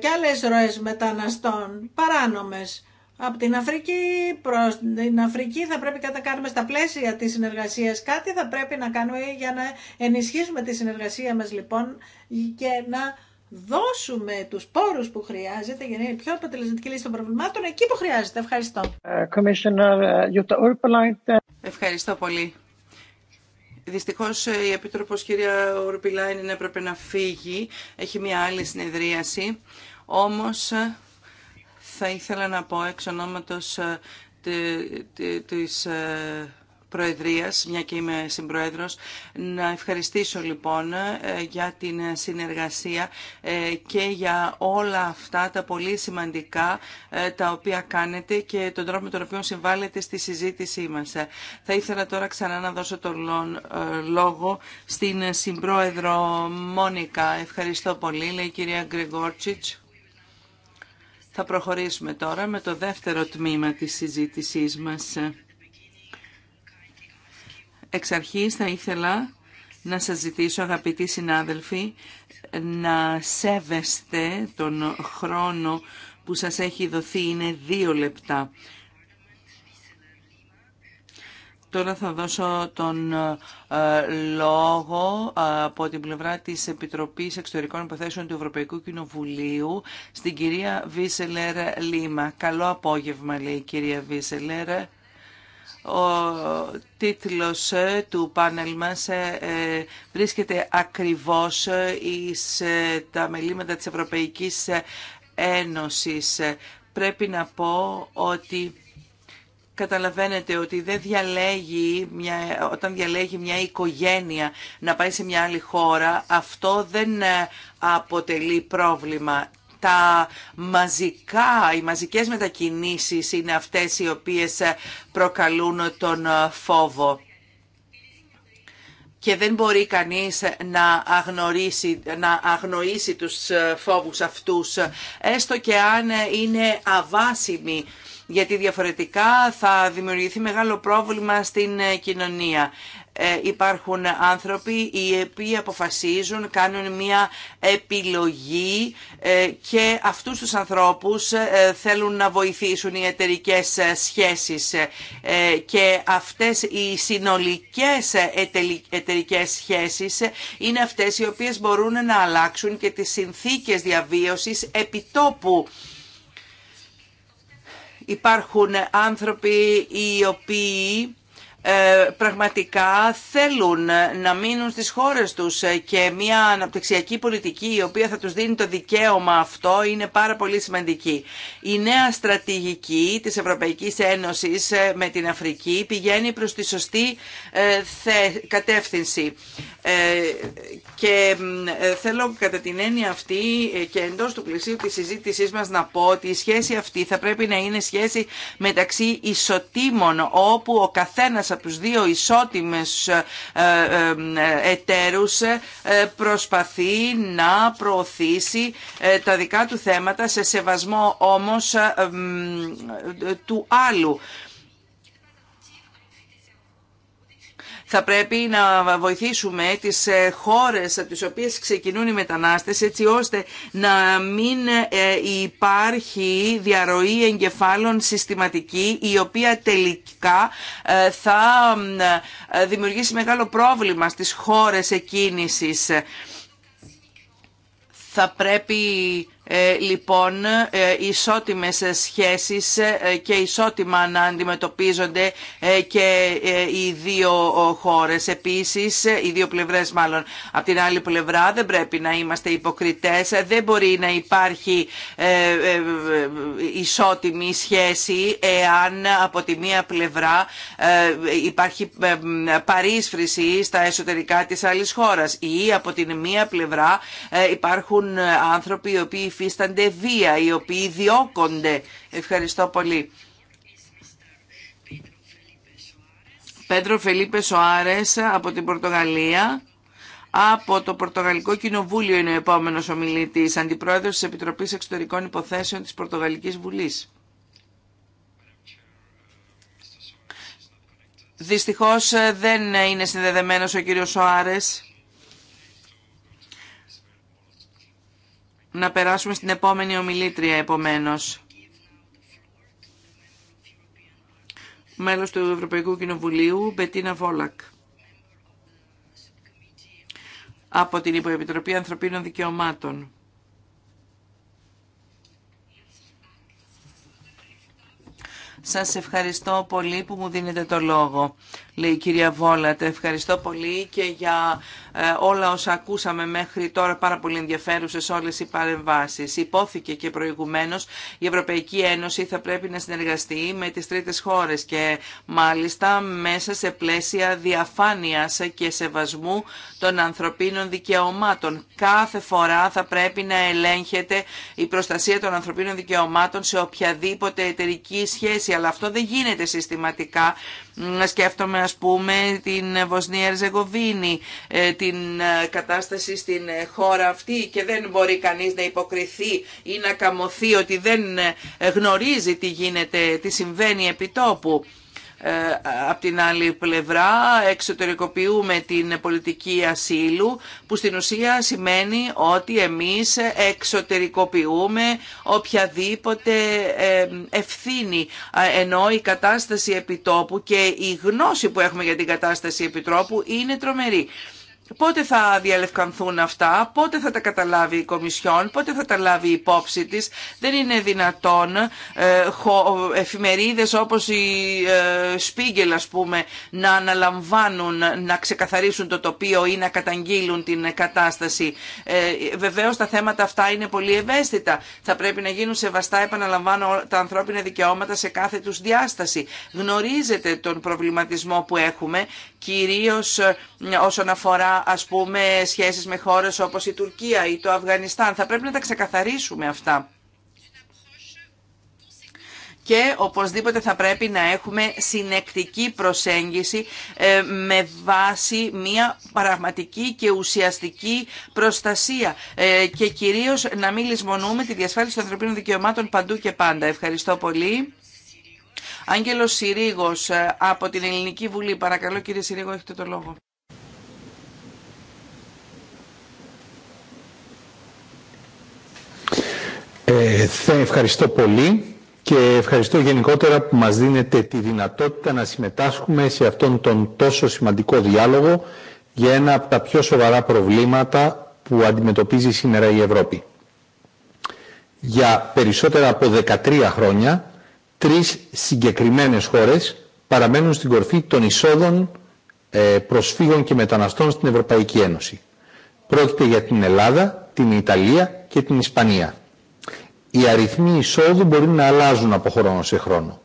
και άλλες ροές μεταναστών, παράνομες από την Αφρική προς την Αφρική θα πρέπει να κάνουμε στα πλαίσια της συνεργασίας κάτι θα πρέπει να κάνουμε για να ενισχύσουμε τη συνεργασία μας λοιπόν και να δώσουμε τους πόρους που χρειάζεται για να είναι πιο αποτελεσματική λύση των προβλημάτων εκεί που χρειάζεται. Ευχαριστώ. Ε, ε, Ευχαριστώ πολύ. Δυστυχώ, ε, η επίτροπο κυρία Ουρπιλάιν έπρεπε να φύγει. Έχει μια άλλη συνεδρίαση. Όμως θα ήθελα να πω εξ ονόματος ε, της ε, Προεδρίας, μια και είμαι συμπροέδρος, να ευχαριστήσω λοιπόν ε, για την συνεργασία και για όλα αυτά τα πολύ σημαντικά τα οποία κάνετε και τον τρόπο με τον οποίο συμβάλλετε στη συζήτησή μας. Θα ήθελα τώρα ξανά να δώσω τον λόγο στην συμπρόεδρο Μόνικα. Ευχαριστώ πολύ, λέει η κυρία Γκρεγόρτσιτς. Θα προχωρήσουμε τώρα με το δεύτερο τμήμα της συζήτησής μας. Εξ αρχής θα ήθελα να σας ζητήσω αγαπητοί συνάδελφοι να σέβεστε τον χρόνο που σας έχει δοθεί είναι δύο λεπτά. Τώρα θα δώσω τον ε, λόγο ε, από την πλευρά της Επιτροπής Εξωτερικών Υποθέσεων του Ευρωπαϊκού Κοινοβουλίου στην κυρία Βίσελερ Λίμα. Καλό απόγευμα, λέει η κυρία Βίσελερ. Ο τίτλος ε, του πάνελ μας βρίσκεται ακριβώς εις τα μελήματα της Ευρωπαϊκής Ένωσης. Πρέπει να πω ότι καταλαβαίνετε ότι δεν διαλέγει μια, όταν διαλέγει μια οικογένεια να πάει σε μια άλλη χώρα, αυτό δεν ε, αποτελεί πρόβλημα. Τα μαζικά, οι μαζικές μετακινήσεις είναι αυτές οι οποίες ε, προκαλούν τον ε, φόβο και δεν μπορεί κανείς να, αγνωρίσει, να αγνοήσει τους φόβους αυτούς, έστω και αν είναι αβάσιμοι γιατί διαφορετικά θα δημιουργηθεί μεγάλο πρόβλημα στην ε, κοινωνία. Ε, υπάρχουν άνθρωποι οι οποίοι αποφασίζουν, κάνουν μια επιλογή ε, και αυτούς τους ανθρώπους θέλουν να βοηθήσουν οι εταιρικές σχέσεις και αυτές οι συνολικές εταιρικές σχέσεις είναι αυτές οι οποίες μπορούν να αλλάξουν και τις συνθήκες διαβίωσης επιτόπου Υπάρχουν άνθρωποι οι οποίοι ε, πραγματικά θέλουν να μείνουν στις χώρες τους ε, και μια αναπτυξιακή πολιτική η οποία θα τους δίνει το δικαίωμα αυτό είναι πάρα πολύ σημαντική. Η νέα στρατηγική της Ευρωπαϊκής Ένωσης ε, με την Αφρική πηγαίνει προς τη σωστή κατεύθυνση και θέλω κατά την έννοια αυτή και εντός του πλησίου της συζήτησής μας να πω ότι η σχέση αυτή θα πρέπει να είναι σχέση μεταξύ ισοτήμων όπου ο καθένας από τους δύο ισότιμες ε, ε, ε, εταίρους προσπαθεί να προωθήσει τα δικά του θέματα σε σεβασμό όμως του άλλου. θα πρέπει να βοηθήσουμε τις ε, χώρες από τις οποίες ξεκινούν οι μετανάστες έτσι ώστε να μην ε, υπάρχει διαρροή εγκεφάλων συστηματική η οποία τελικά ε, θα δημιουργήσει μεγάλο πρόβλημα στις χώρες εκκίνησης. Θα πρέπει ε, λοιπόν ε, ισότιμες σχέσεις ε, και ισότιμα να αντιμετωπίζονται και οι δύο χώρες. Επίσης, οι δύο πλευρές μάλλον. Από την άλλη πλευρά δεν πρέπει να είμαστε υποκριτές, δεν μπορεί να υπάρχει ισότιμη σχέση εάν από τη μία πλευρά υπάρχει παρίσφρηση στα εσωτερικά της άλλης χώρας ή από την μία πλευρά υπάρχουν άνθρωποι οι οποίοι υφίστανται βία, οι οποίοι διώκονται. Ευχαριστώ πολύ. Πέντρο Φελίπε Σοάρες από την Πορτογαλία. Από το Πορτογαλικό Κοινοβούλιο είναι ο επόμενος ομιλητής, Αντιπρόεδρος της Επιτροπής Εξωτερικών Υποθέσεων της Πορτογαλικής Βουλής. Δυστυχώς ε, δεν είναι συνδεδεμένος ο κύριος Σοάρες. Να περάσουμε στην επόμενη ομιλήτρια επομένως. Μέλος του Ευρωπαϊκού Κοινοβουλίου, Μπετίνα Βόλακ. Από την Υποεπιτροπή Ανθρωπίνων Δικαιωμάτων. Σας ευχαριστώ πολύ που μου δίνετε το λόγο λέει η κυρία Βόλατε, Ευχαριστώ πολύ και για ε, όλα όσα ακούσαμε μέχρι τώρα πάρα πολύ ενδιαφέρουσε όλες οι παρεμβάσει. Υπόθηκε και προηγουμένως η Ευρωπαϊκή Ένωση θα πρέπει να συνεργαστεί με τις τρίτες χώρες και μάλιστα μέσα σε πλαίσια διαφάνειας και σεβασμού των ανθρωπίνων δικαιωμάτων. Κάθε φορά θα πρέπει να ελέγχεται η προστασία των ανθρωπίνων δικαιωμάτων σε οποιαδήποτε εταιρική σχέση, αλλά αυτό δεν γίνεται συστηματικά Σκέφτομαι ας πούμε την Βοσνία Ερζεγοβίνη, ε, την ε, κατάσταση στην ε, χώρα αυτή και δεν μπορεί κανείς να υποκριθεί ή να καμωθεί ότι δεν γνωρίζει τι γίνεται, τι συμβαίνει επί τόπου. Ε, απ' την άλλη πλευρά εξωτερικοποιούμε την πολιτική ασύλου που στην ουσία σημαίνει ότι εμείς εξωτερικοποιούμε οποιαδήποτε ε, ευθύνη ενώ η κατάσταση επιτόπου και η γνώση που έχουμε για την κατάσταση επιτρόπου είναι τρομερή. Πότε θα διαλευκανθούν αυτά, πότε θα τα καταλάβει η Κομισιόν, πότε θα τα λάβει η υπόψη της. Δεν είναι δυνατόν ε, εφημερίδες όπως η Σπίγκελ ας πούμε να αναλαμβάνουν, να ξεκαθαρίσουν το τοπίο ή να καταγγείλουν την κατάσταση. Ε, βεβαίως τα θέματα αυτά είναι πολύ ευαίσθητα. Θα πρέπει να γίνουν σεβαστά, επαναλαμβάνω, τα ανθρώπινα δικαιώματα σε κάθε τους διάσταση. Γνωρίζετε τον προβληματισμό που έχουμε, κυρίως ε, όσον αφορά ας πούμε σχέσεις με χώρες όπως η Τουρκία ή το Αφγανιστάν. Θα πρέπει να τα ξεκαθαρίσουμε αυτά. Και οπωσδήποτε θα πρέπει να έχουμε συνεκτική προσέγγιση ε, με βάση μια πραγματική και ουσιαστική προστασία. Ε, και κυρίως να μην λησμονούμε τη διασφάλιση των ανθρωπίνων δικαιωμάτων παντού και πάντα. Ευχαριστώ πολύ. Άγγελος Συρίγος ε, από την Ελληνική Βουλή. Παρακαλώ κύριε Συρίγο έχετε το λόγο. ευχαριστώ πολύ και ευχαριστώ γενικότερα που μας δίνετε τη δυνατότητα να συμμετάσχουμε σε αυτόν τον τόσο σημαντικό διάλογο για ένα από τα πιο σοβαρά προβλήματα που αντιμετωπίζει σήμερα η Ευρώπη. Για περισσότερα από 13 χρόνια, τρεις συγκεκριμένες χώρες παραμένουν στην κορφή των εισόδων ε, προσφύγων και μεταναστών στην Ευρωπαϊκή Ένωση. Πρόκειται για την Ελλάδα, την Ιταλία και την Ισπανία οι αριθμοί εισόδου μπορεί να αλλάζουν από χρόνο σε χρόνο.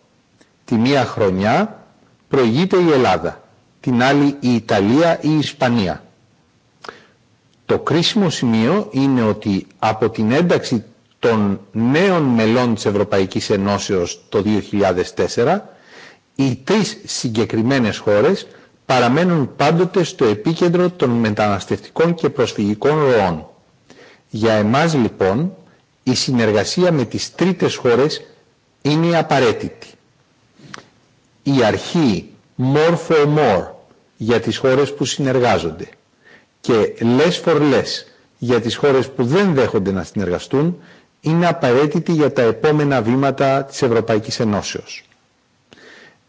Τη μία χρονιά προηγείται η Ελλάδα, την άλλη η Ιταλία ή η Ισπανία. Το κρίσιμο σημείο είναι ότι από την ένταξη των νέων μελών της Ευρωπαϊκής Ενώσεως το 2004, οι τρεις συγκεκριμένες χώρες παραμένουν πάντοτε στο επίκεντρο των μεταναστευτικών και προσφυγικών ροών. Για εμάς λοιπόν η συνεργασία με τις τρίτες χώρες είναι απαραίτητη. Η αρχή more for more για τις χώρες που συνεργάζονται και less for less για τις χώρες που δεν δέχονται να συνεργαστούν είναι απαραίτητη για τα επόμενα βήματα της Ευρωπαϊκής Ενώσεως.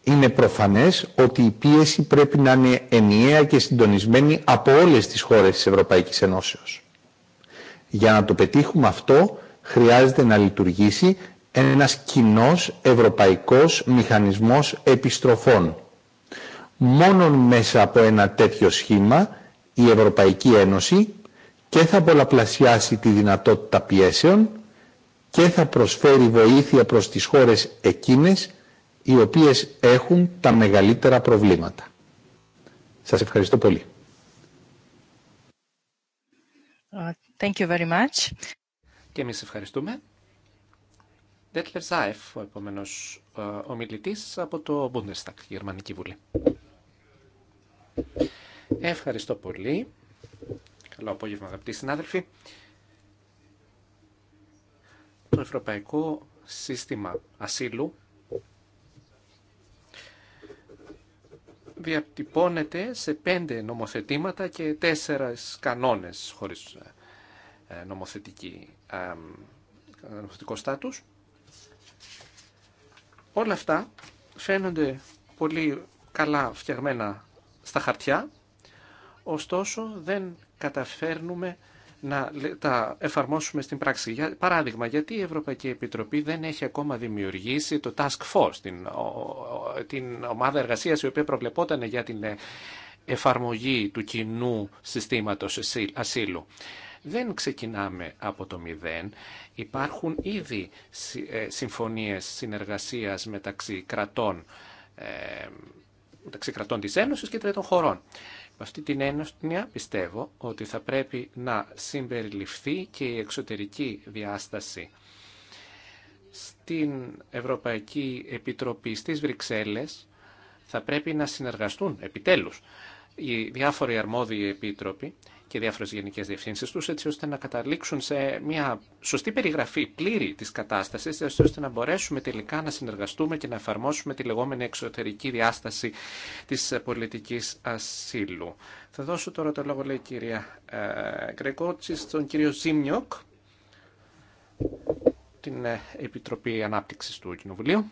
Είναι προφανές ότι η πίεση πρέπει να είναι ενιαία και συντονισμένη από όλες τις χώρες της Ευρωπαϊκής Ενώσεως. Για να το πετύχουμε αυτό χρειάζεται να λειτουργήσει ένας κοινό ευρωπαϊκός μηχανισμός επιστροφών. Μόνον μέσα από ένα τέτοιο σχήμα η Ευρωπαϊκή Ένωση και θα πολλαπλασιάσει τη δυνατότητα πιέσεων και θα προσφέρει βοήθεια προς τις χώρες εκείνες οι οποίες έχουν τα μεγαλύτερα προβλήματα. Σας ευχαριστώ πολύ. Uh, thank you very much. Και εμείς ευχαριστούμε. Δέτλερ Ζάεφ, ο επόμενος ε, ομιλητής από το Bundestag, Γερμανική Βουλή. Ευχαριστώ πολύ. Καλό απόγευμα αγαπητοί συνάδελφοι. Το Ευρωπαϊκό Σύστημα Ασύλου διατυπώνεται σε πέντε νομοθετήματα και τέσσερα κανόνες χωρίς ε, νομοθετική στάτους. Όλα αυτά φαίνονται πολύ καλά φτιαγμένα στα χαρτιά, ωστόσο δεν καταφέρνουμε να τα εφαρμόσουμε στην πράξη. παράδειγμα, γιατί η Ευρωπαϊκή Επιτροπή δεν έχει ακόμα δημιουργήσει το Task Force, την, την ομάδα εργασίας η οποία προβλεπόταν για την ε, εφαρμογή του κοινού συστήματος ασύλου. Δεν ξεκινάμε από το μηδέν. Υπάρχουν ήδη ε, συμφωνίες συνεργασίας μεταξύ κρατών, ε, μεταξύ κρατών της Ένωσης και τρίτων χωρών. Με αυτή την έννοια πιστεύω ότι θα πρέπει να συμπεριληφθεί και η εξωτερική διάσταση στην Ευρωπαϊκή Επιτροπή στις Βρυξέλλες θα πρέπει να συνεργαστούν επιτέλους οι διάφοροι αρμόδιοι επίτροποι και διάφορε γενικές διευθύνσεις τους, έτσι ώστε να καταλήξουν σε μια σωστή περιγραφή πλήρη της κατάστασης, έτσι ώστε να μπορέσουμε τελικά να συνεργαστούμε και να εφαρμόσουμε τη λεγόμενη εξωτερική διάσταση της πολιτικής ασύλου. Θα δώσω τώρα το λόγο, λέει η κυρία ε, Γκρεκότση, στον κύριο Ζήμιοκ, την ε, Επιτροπή ανάπτυξη του Κοινοβουλίου.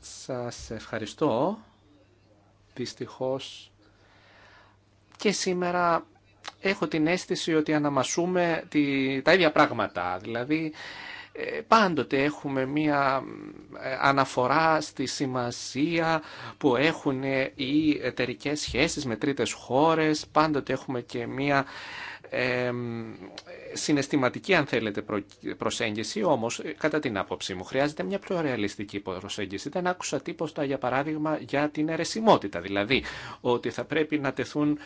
Σας ευχαριστώ δυστυχώς. Και σήμερα έχω την αίσθηση ότι αναμασούμε τη, τα ίδια πράγματα. Δηλαδή, ε, πάντοτε έχουμε μία ε, αναφορά στη σημασία που έχουν οι εταιρικέ σχέσεις με τρίτες χώρες, πάντοτε έχουμε και μία συναισθηματική αν θέλετε προσέγγιση, όμως ε, κατά την άποψή μου χρειάζεται μια πιο ρεαλιστική προσέγγιση. Δεν άκουσα τίποτα για παράδειγμα για την αιρεσιμότητα, δηλαδή ότι θα πρέπει να τεθούν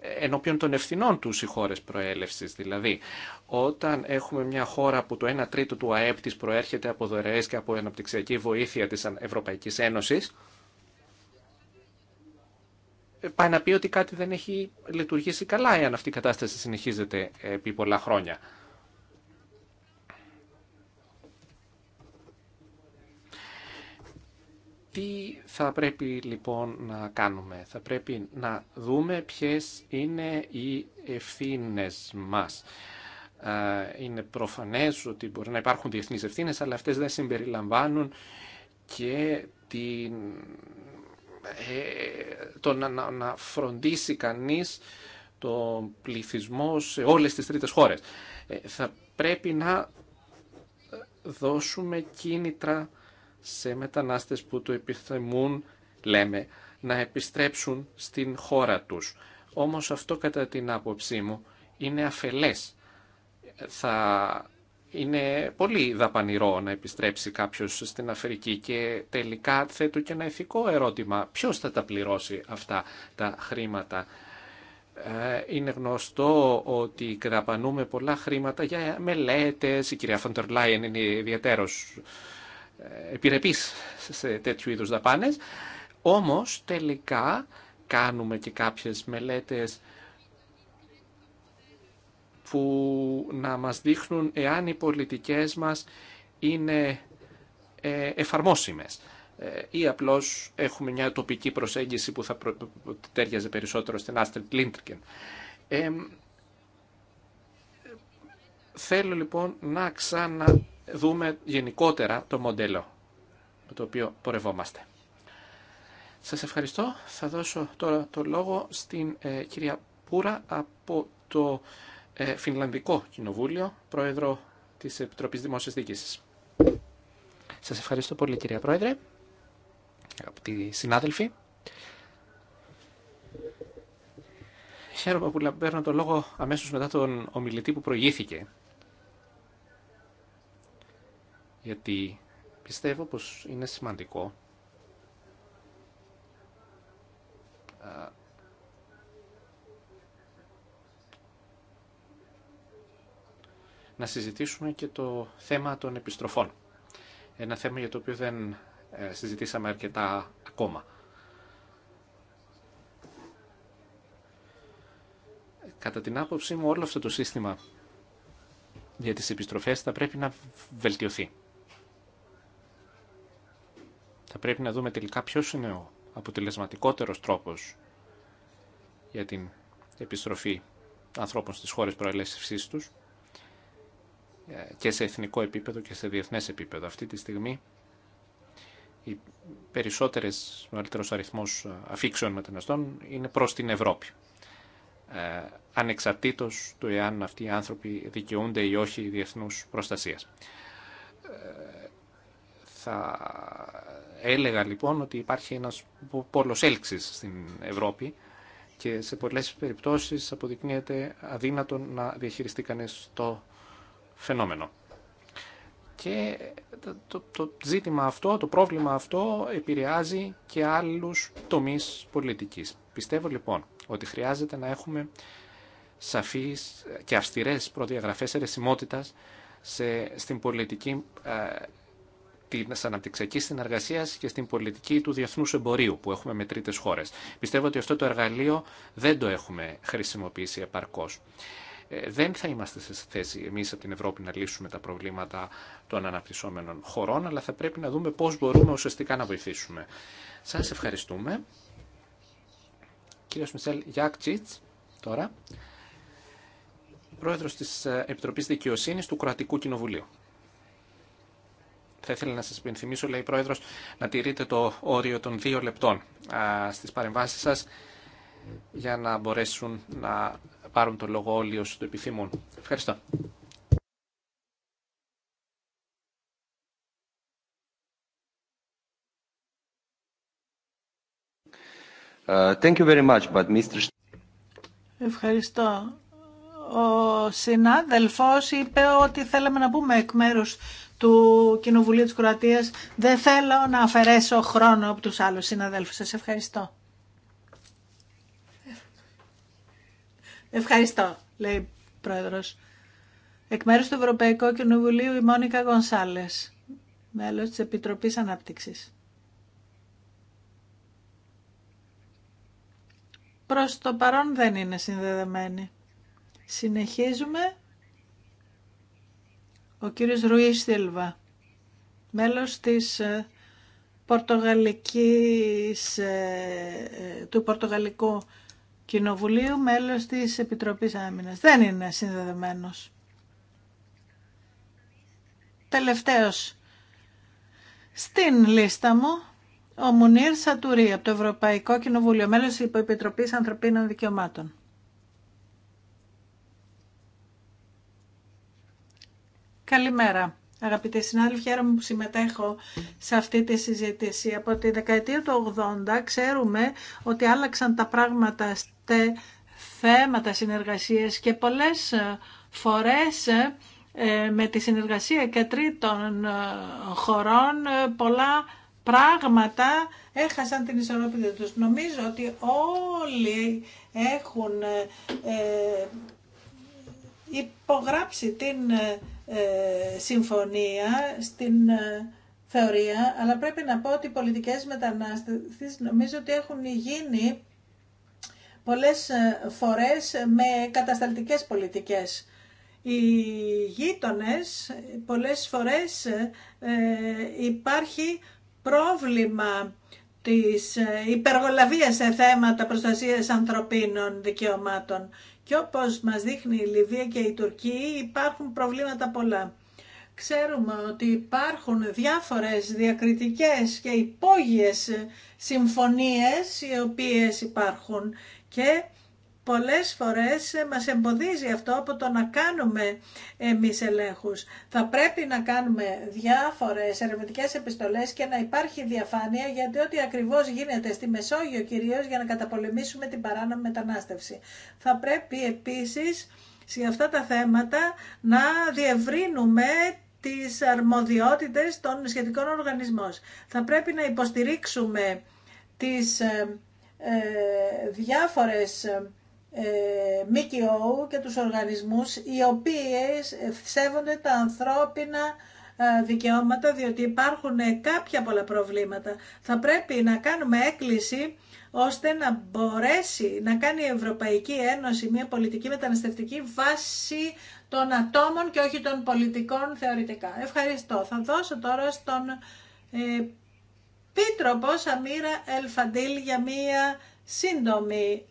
ε, ενώπιον των ευθυνών τους οι χώρες προέλευσης. Δηλαδή, όταν έχουμε μια χώρα που το 1 τρίτο του ΑΕΠ της προέρχεται από δωρεές και από αναπτυξιακή βοήθεια της Ευρωπαϊκής Ένωσης, πάει να πει ότι κάτι δεν έχει λειτουργήσει καλά εάν αυτή η κατάσταση συνεχίζεται επί πολλά χρόνια. Τι θα πρέπει λοιπόν να κάνουμε. Θα πρέπει να δούμε ποιες είναι οι ευθύνες μας. Είναι προφανές ότι μπορεί να υπάρχουν διεθνείς ευθύνες, αλλά αυτές δεν συμπεριλαμβάνουν και την ε, το να, φροντίσει κανείς το πληθυσμό σε όλες τις τρίτες χώρες. Ε, θα πρέπει να δώσουμε κίνητρα σε μετανάστες που το επιθυμούν, λέμε, να επιστρέψουν στην χώρα τους. Όμως αυτό κατά την άποψή μου είναι αφελές. Θα είναι πολύ δαπανηρό να επιστρέψει κάποιος στην Αφρική και τελικά θέτω και ένα ηθικό ερώτημα. Ποιος θα τα πληρώσει αυτά τα χρήματα. Ε, είναι γνωστό ότι κραπανούμε πολλά χρήματα για μελέτες. Η κυρία Φοντερ Λάιεν είναι ιδιαίτερος ε, επιρρεπής σε τέτοιου είδους δαπάνες. Όμως τελικά κάνουμε και κάποιες μελέτες που να μας δείχνουν εάν οι πολιτικές μας είναι ε, εφαρμόσιμες ε, ή απλώς έχουμε μια τοπική προσέγγιση που θα προ... τέριαζε περισσότερο στην Άστερ Λίντρικεν. Ε, θέλω λοιπόν να ξαναδούμε γενικότερα το μοντέλο με το οποίο πορευόμαστε. Σας ευχαριστώ. Θα δώσω τώρα το λόγο στην ε, κυρία Πούρα από το ε, Φινλανδικό Κοινοβούλιο, Πρόεδρο της Επιτροπής Δημόσια Διοίκησης. Σας ευχαριστώ πολύ κυρία Πρόεδρε, αγαπητοί συνάδελφοι. Χαίρομαι που παίρνω το λόγο αμέσως μετά τον ομιλητή που προηγήθηκε. Γιατί πιστεύω πως είναι σημαντικό να συζητήσουμε και το θέμα των επιστροφών. Ένα θέμα για το οποίο δεν ε, συζητήσαμε αρκετά ακόμα. Κατά την άποψή μου όλο αυτό το σύστημα για τις επιστροφές θα πρέπει να βελτιωθεί. Θα πρέπει να δούμε τελικά ποιος είναι ο αποτελεσματικότερος τρόπος για την επιστροφή ανθρώπων στις χώρες προελεύσευσής τους ε, και σε εθνικό επίπεδο και σε διεθνές επίπεδο. Αυτή τη στιγμή οι περισσότερες, μεγαλύτερος αριθμός ε, αφήξεων μεταναστών είναι προς την Ευρώπη. Ε, ανεξαρτήτως του εάν αυτοί οι άνθρωποι δικαιούνται ή όχι διεθνούς προστασίας. Ε, θα έλεγα λοιπόν ότι υπάρχει ένας πόλος έλξης στην Ευρώπη και σε πολλές περιπτώσεις αποδεικνύεται αδύνατο να διαχειριστεί κανείς το φαινόμενο. Και το, το ζήτημα αυτό, το πρόβλημα αυτό επηρεάζει και άλλους τομείς πολιτικής. Πιστεύω λοιπόν ότι χρειάζεται να έχουμε σαφείς και αυστηρές προδιαγραφές ερεσιμότητας σε, στην πολιτική ε, της αναπτυξιακή συνεργασία και στην πολιτική του διεθνού εμπορίου που έχουμε με τρίτε χώρε. Πιστεύω ότι αυτό το εργαλείο δεν το έχουμε χρησιμοποιήσει επαρκώ. Ε, δεν θα είμαστε σε θέση εμείς από την Ευρώπη να λύσουμε τα προβλήματα των αναπτυσσόμενων χωρών, αλλά θα πρέπει να δούμε πώς μπορούμε ουσιαστικά να βοηθήσουμε. Σας ευχαριστούμε. Κύριος Μισελ Γιάκτσιτς, τώρα, πρόεδρος της ε, Επιτροπής Δικαιοσύνης του Κροατικού Κοινοβουλίου. Θα ήθελα να σας πενθυμίσω, λέει η Πρόεδρος, να τηρείτε το όριο των δύο λεπτών στις παρεμβάσεις σας για να μπορέσουν να πάρουν το λόγο όλοι όσοι το επιθυμούν. Ευχαριστώ. Uh, thank you very much, but Mr. Ευχαριστώ. Ο συνάδελφος είπε ότι θέλαμε να πούμε εκ μέρους του Κοινοβουλίου της Κροατίας δεν θέλω να αφαιρέσω χρόνο από τους άλλους συναδέλφους. Σας ευχαριστώ. Ευχαριστώ, λέει ο Πρόεδρος. Εκ μέρου του Ευρωπαϊκού Κοινοβουλίου η Μόνικα Γονσάλε, μέλος τη Επιτροπής ανάπτυξη. Προς το παρόν δεν είναι συνδεδεμένη. Συνεχίζουμε. Ο κύριος Ρουί Σίλβα, μέλος της ε, Πορτογαλικής, ε, ε, του Πορτογαλικού Κοινοβουλίου μέλος της Επιτροπής Άμυνας. Δεν είναι συνδεδεμένος. Τελευταίος. Στην λίστα μου, ο Μουνίρ Σατουρί από το Ευρωπαϊκό Κοινοβούλιο, μέλος της Υποεπιτροπής Ανθρωπίνων Δικαιωμάτων. Καλημέρα. Αγαπητοί συνάδελφοι, χαίρομαι που συμμετέχω σε αυτή τη συζήτηση. Από τη δεκαετία του 80 ξέρουμε ότι άλλαξαν τα πράγματα στα θέματα συνεργασίες και πολλές ε, φορές ε, ε, με τη συνεργασία και τρίτων χωρών πολλά πράγματα έχασαν την ισορροπία τους. Νομίζω ότι όλοι έχουν υπογράψει την ε, συμφωνία στην ε, θεωρία, αλλά πρέπει να πω ότι οι πολιτικές μετανάστες νομίζω ότι έχουν γίνει πολλές ε, φορές με κατασταλτικές πολιτικές. Οι γείτονες πολλές φορές υπάρχει πρόβλημα της υπεργολαβίας σε θέματα προστασίας ανθρωπίνων δικαιωμάτων και όπως μας δείχνει η Λιβύη και η Τουρκία υπάρχουν προβλήματα πολλά. Ξέρουμε ότι υπάρχουν διάφορες διακριτικές και υπόγειες συμφωνίες οι οποίες υπάρχουν και πολλές φορές ε, μας εμποδίζει αυτό από το να κάνουμε εμείς ελέγχους. Θα πρέπει να κάνουμε διάφορες ερευνητικές επιστολές και να υπάρχει διαφάνεια γιατί ό,τι ακριβώς γίνεται στη Μεσόγειο κυρίως για να καταπολεμήσουμε την παράνομη μετανάστευση. Θα πρέπει επίσης σε αυτά τα θέματα να διευρύνουμε τις αρμοδιότητες των σχετικών οργανισμών. Θα πρέπει να υποστηρίξουμε τις ε, ε, διάφορες ε, ΜΚΟ και τους οργανισμούς οι οποίες σέβονται τα ανθρώπινα ε, δικαιώματα διότι υπάρχουν κάποια πολλά προβλήματα. Θα πρέπει να κάνουμε έκκληση ώστε να μπορέσει να κάνει η Ευρωπαϊκή Ένωση μια πολιτική μεταναστευτική βάση των ατόμων και όχι των πολιτικών θεωρητικά. Ευχαριστώ. Θα δώσω τώρα στον ε, Πίτροπο Σαμίρα Ελφαντήλ για μια σύντομη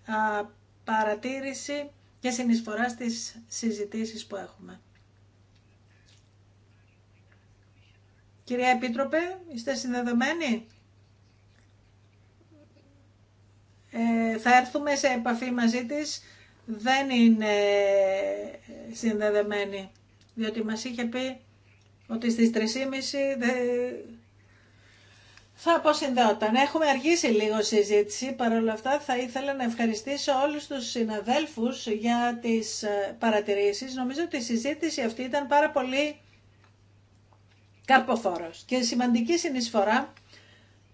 παρατήρηση και συνεισφορά στις συζητήσεις που έχουμε. Κυρία Επίτροπε, είστε συνδεδεμένοι. Ε, θα έρθουμε σε επαφή μαζί της. Δεν είναι συνδεδεμένη, διότι μας είχε πει ότι στις 3.30 θα αποσυνδεόταν. Έχουμε αργήσει λίγο συζήτηση, όλα αυτά θα ήθελα να ευχαριστήσω όλους τους συναδέλφους για τις ε, παρατηρήσεις. Νομίζω ότι η συζήτηση αυτή ήταν πάρα πολύ καρποφόρος και σημαντική συνεισφορά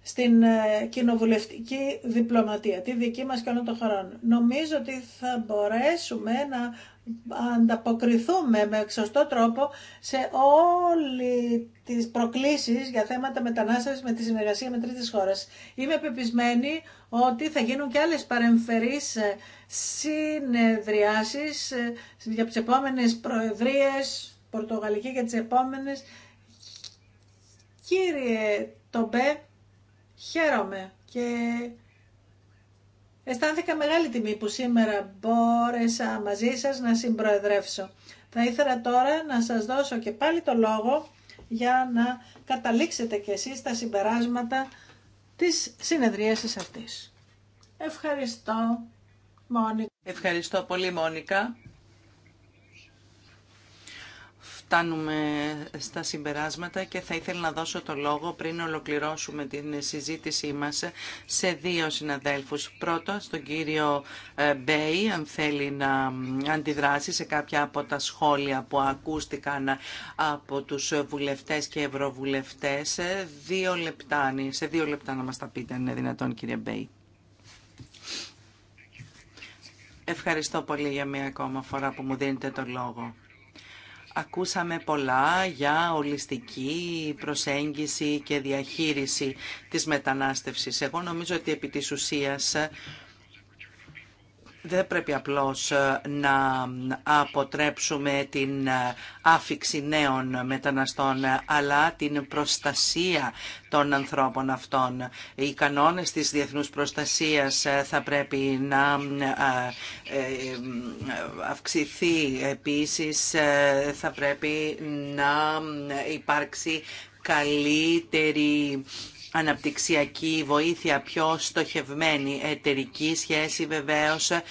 στην ε, κοινοβουλευτική διπλωματία, τη δική μας και όλων των χωρών. Νομίζω ότι θα μπορέσουμε να ανταποκριθούμε με σωστό τρόπο σε όλη τις προκλήσεις για θέματα μετανάστευσης με τη συνεργασία με τρίτες χώρες. Είμαι πεπισμένη ότι θα γίνουν και άλλες παρεμφερείς συνεδριάσεις ε, για τις επόμενες προεδρίες, Πορτογαλική για τις επόμενες. Κύριε Τομπέ, χαίρομαι και Αισθάνθηκα μεγάλη τιμή που σήμερα μπόρεσα μαζί σας να συμπροεδρεύσω. Θα ήθελα τώρα να σας δώσω και πάλι το λόγο για να καταλήξετε κι εσείς τα συμπεράσματα της συνεδρίασης αυτής. Ευχαριστώ, Μόνικα. Ευχαριστώ πολύ, Μόνικα φτάνουμε στα συμπεράσματα και θα ήθελα να δώσω το λόγο πριν ολοκληρώσουμε την συζήτησή μας σε δύο συναδέλφους. Πρώτο, στον κύριο ε, Μπέι, αν θέλει να αντιδράσει σε κάποια από τα σχόλια που ακούστηκαν από τους βουλευτές και ευρωβουλευτές. Δύο λεπτά, σε δύο λεπτά να μας τα πείτε, αν είναι δυνατόν, κύριε Μπέι. Ευχαριστώ πολύ για μία ακόμα φορά που μου δίνετε το λόγο. Ακούσαμε πολλά για ολιστική προσέγγιση και διαχείριση της μετανάστευσης. Εγώ νομίζω ότι επί της ουσίας δεν πρέπει απλώς ε, να αποτρέψουμε την ε, άφηξη νέων μεταναστών, αλλά την προστασία των ανθρώπων αυτών. Οι κανόνες της διεθνούς προστασίας ε, θα πρέπει να αυξηθεί. Επίσης, θα πρέπει να υπάρξει καλύτερη αναπτυξιακή βοήθεια πιο στοχευμένη εταιρική σχέση βεβαίως ε,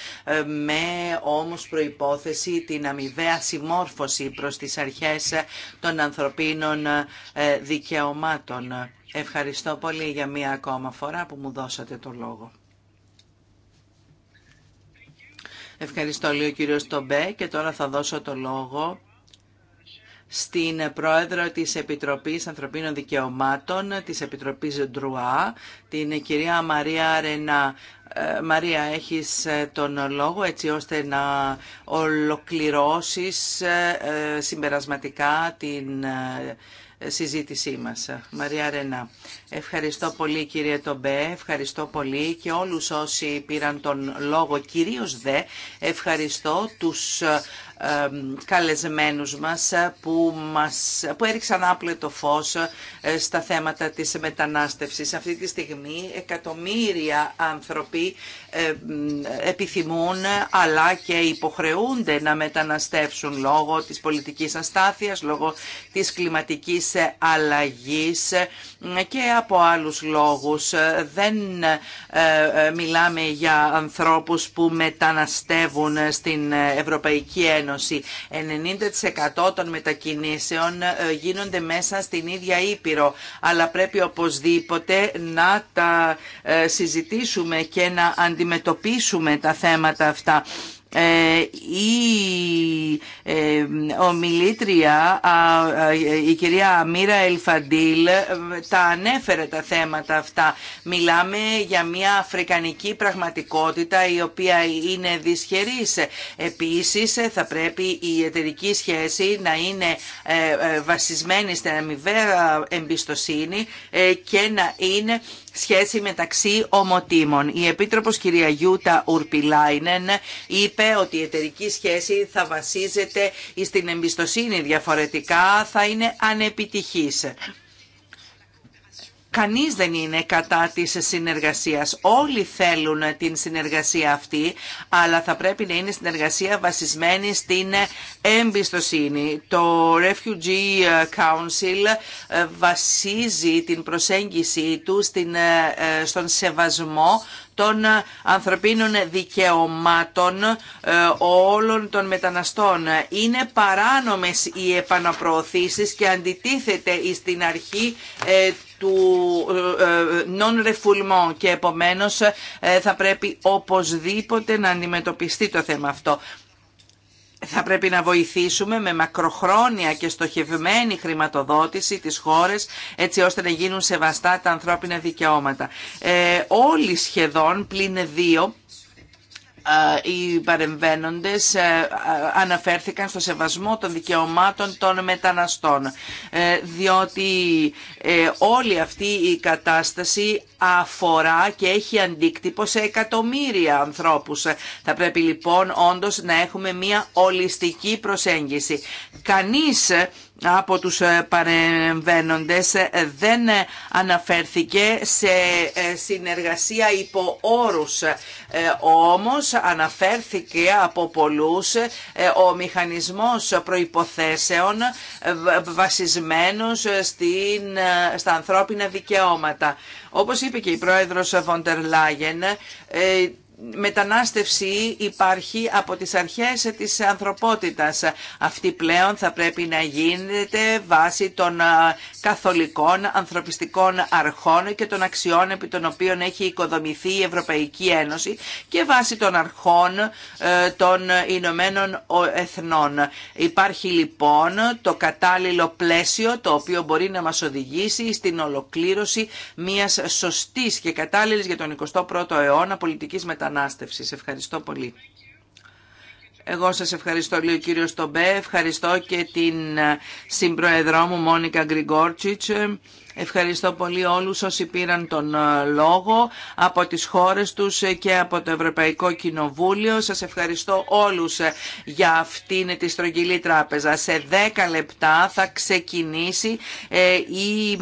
με όμως προϋπόθεση την αμοιβαία συμμόρφωση προς τις αρχές των ανθρωπίνων ε, δικαιωμάτων. Ευχαριστώ πολύ για μία ακόμα φορά που μου δώσατε το λόγο. Ευχαριστώ λίγο, κύριο κύριος Τομπέ και τώρα θα δώσω το λόγο στην πρόεδρο της Επιτροπής Ανθρωπίνων Δικαιωμάτων, της Επιτροπής Ντρουά, την κυρία Μαρία Ρενά. Μαρία, έχεις ε, τον λόγο έτσι ώστε να ολοκληρώσεις ε, ε, συμπερασματικά την συζήτησή μας. Μαρία Ρενά. Ευχαριστώ πολύ κύριε Τομπέ, ευχαριστώ πολύ και όλους όσοι πήραν τον λόγο, κυρίως δε ευχαριστώ τους καλεσμένους μας ε, που, μας, που έριξαν άπλετο φως ε, στα θέματα της μετανάστευσης. Αυτή τη στιγμή εκατομμύρια άνθρωποι επιθυμούν αλλά και υποχρεούνται να μεταναστεύσουν λόγω της πολιτικής αστάθειας, λόγω της κλιματικής αλλαγής ε, και από άλλους λόγους. Δεν μιλάμε για ανθρώπους που μεταναστεύουν στην Ευρωπαϊκή Ένωση Ένωση. 90% των μετακινήσεων ε, γίνονται μέσα στην ίδια Ήπειρο, αλλά πρέπει οπωσδήποτε να τα ε, συζητήσουμε και να αντιμετωπίσουμε τα θέματα αυτά. Ε, η ε, ομιλήτρια ε, η κυρία Μίρα Ελφαντήλ τα ανέφερε τα θέματα αυτά. Μιλάμε για μια αφρικανική πραγματικότητα η οποία είναι δυσχερής. Επίσης θα πρέπει η εταιρική σχέση να είναι βασισμένη στην αμοιβαία εμπιστοσύνη και να είναι σχέση μεταξύ ομοτήμων. Η Επίτροπος κυρία Γιούτα Ουρπιλάινεν είπε ότι η εταιρική σχέση θα βασίζεται στην εμπιστοσύνη διαφορετικά θα είναι ανεπιτυχής. Κανείς δεν είναι κατά της συνεργασίας. Όλοι θέλουν την συνεργασία αυτή, αλλά θα πρέπει να είναι συνεργασία βασισμένη στην εμπιστοσύνη. Το Refugee Council ε, βασίζει την προσέγγιση του ε, ε, στον σεβασμό των ε, ανθρωπίνων δικαιωμάτων ε, όλων των μεταναστών. Είναι παράνομες οι επαναπροωθήσεις και αντιτίθεται στην αρχή ε, του non-refoulement και επομένως θα πρέπει οπωσδήποτε να αντιμετωπιστεί το θέμα αυτό θα πρέπει να βοηθήσουμε με μακροχρόνια και στοχευμένη χρηματοδότηση τις χώρες έτσι ώστε να γίνουν σεβαστά τα ανθρώπινα δικαιώματα. Ε, όλοι σχεδόν πλην δύο ε, οι παρεμβαίνοντες ε, αναφέρθηκαν στο σεβασμό των δικαιωμάτων των μεταναστών. Ε, διότι όλη αυτή η κατάσταση αφορά και έχει αντίκτυπο σε εκατομμύρια ανθρώπους. Θα πρέπει λοιπόν όντως να έχουμε μια ολιστική προσέγγιση. Κανείς από τους ε, παρεμβαίνοντες ε, δεν ε, αναφέρθηκε σε συνεργασία υπό όρους. Όμως αναφέρθηκε από πολλούς ο μηχανισμός προϋποθέσεων βασισμένος στην, στα ανθρώπινα δικαιώματα. Όπως είπε και η πρόεδρος Βοντερ Λάγεν, μετανάστευση υπάρχει από τις αρχές της ανθρωπότητας. Αυτή πλέον θα πρέπει να γίνεται βάσει των καθολικών ανθρωπιστικών αρχών και των αξιών επί των οποίων έχει οικοδομηθεί η Ευρωπαϊκή Ένωση και βάσει των αρχών των Ηνωμένων Εθνών. Υπάρχει λοιπόν το κατάλληλο πλαίσιο το οποίο μπορεί να μας οδηγήσει στην ολοκλήρωση μιας σωστής και κατάλληλης για τον 21ο αιώνα πολιτικής μετανάστευσης σε Ευχαριστώ πολύ. Εγώ σας ευχαριστώ, λέει ο κύριος Ευχαριστώ και την ε, συμπροεδρό μου Μόνικα Γκριγκόρτσιτς. Ευχαριστώ πολύ όλους όσοι πήραν τον ε, λόγο από τις χώρες τους ε, και από το Ευρωπαϊκό Κοινοβούλιο. Σας ευχαριστώ όλους για αυτήν τη στρογγυλή τράπεζα. Σε 10 λεπτά θα ξεκινήσει η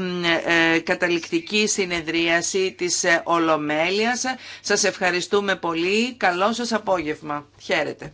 καταληκτική συνεδρίαση της Ολομέλειας. Σας ευχαριστούμε πολύ. Καλό σας απόγευμα. Χαίρετε.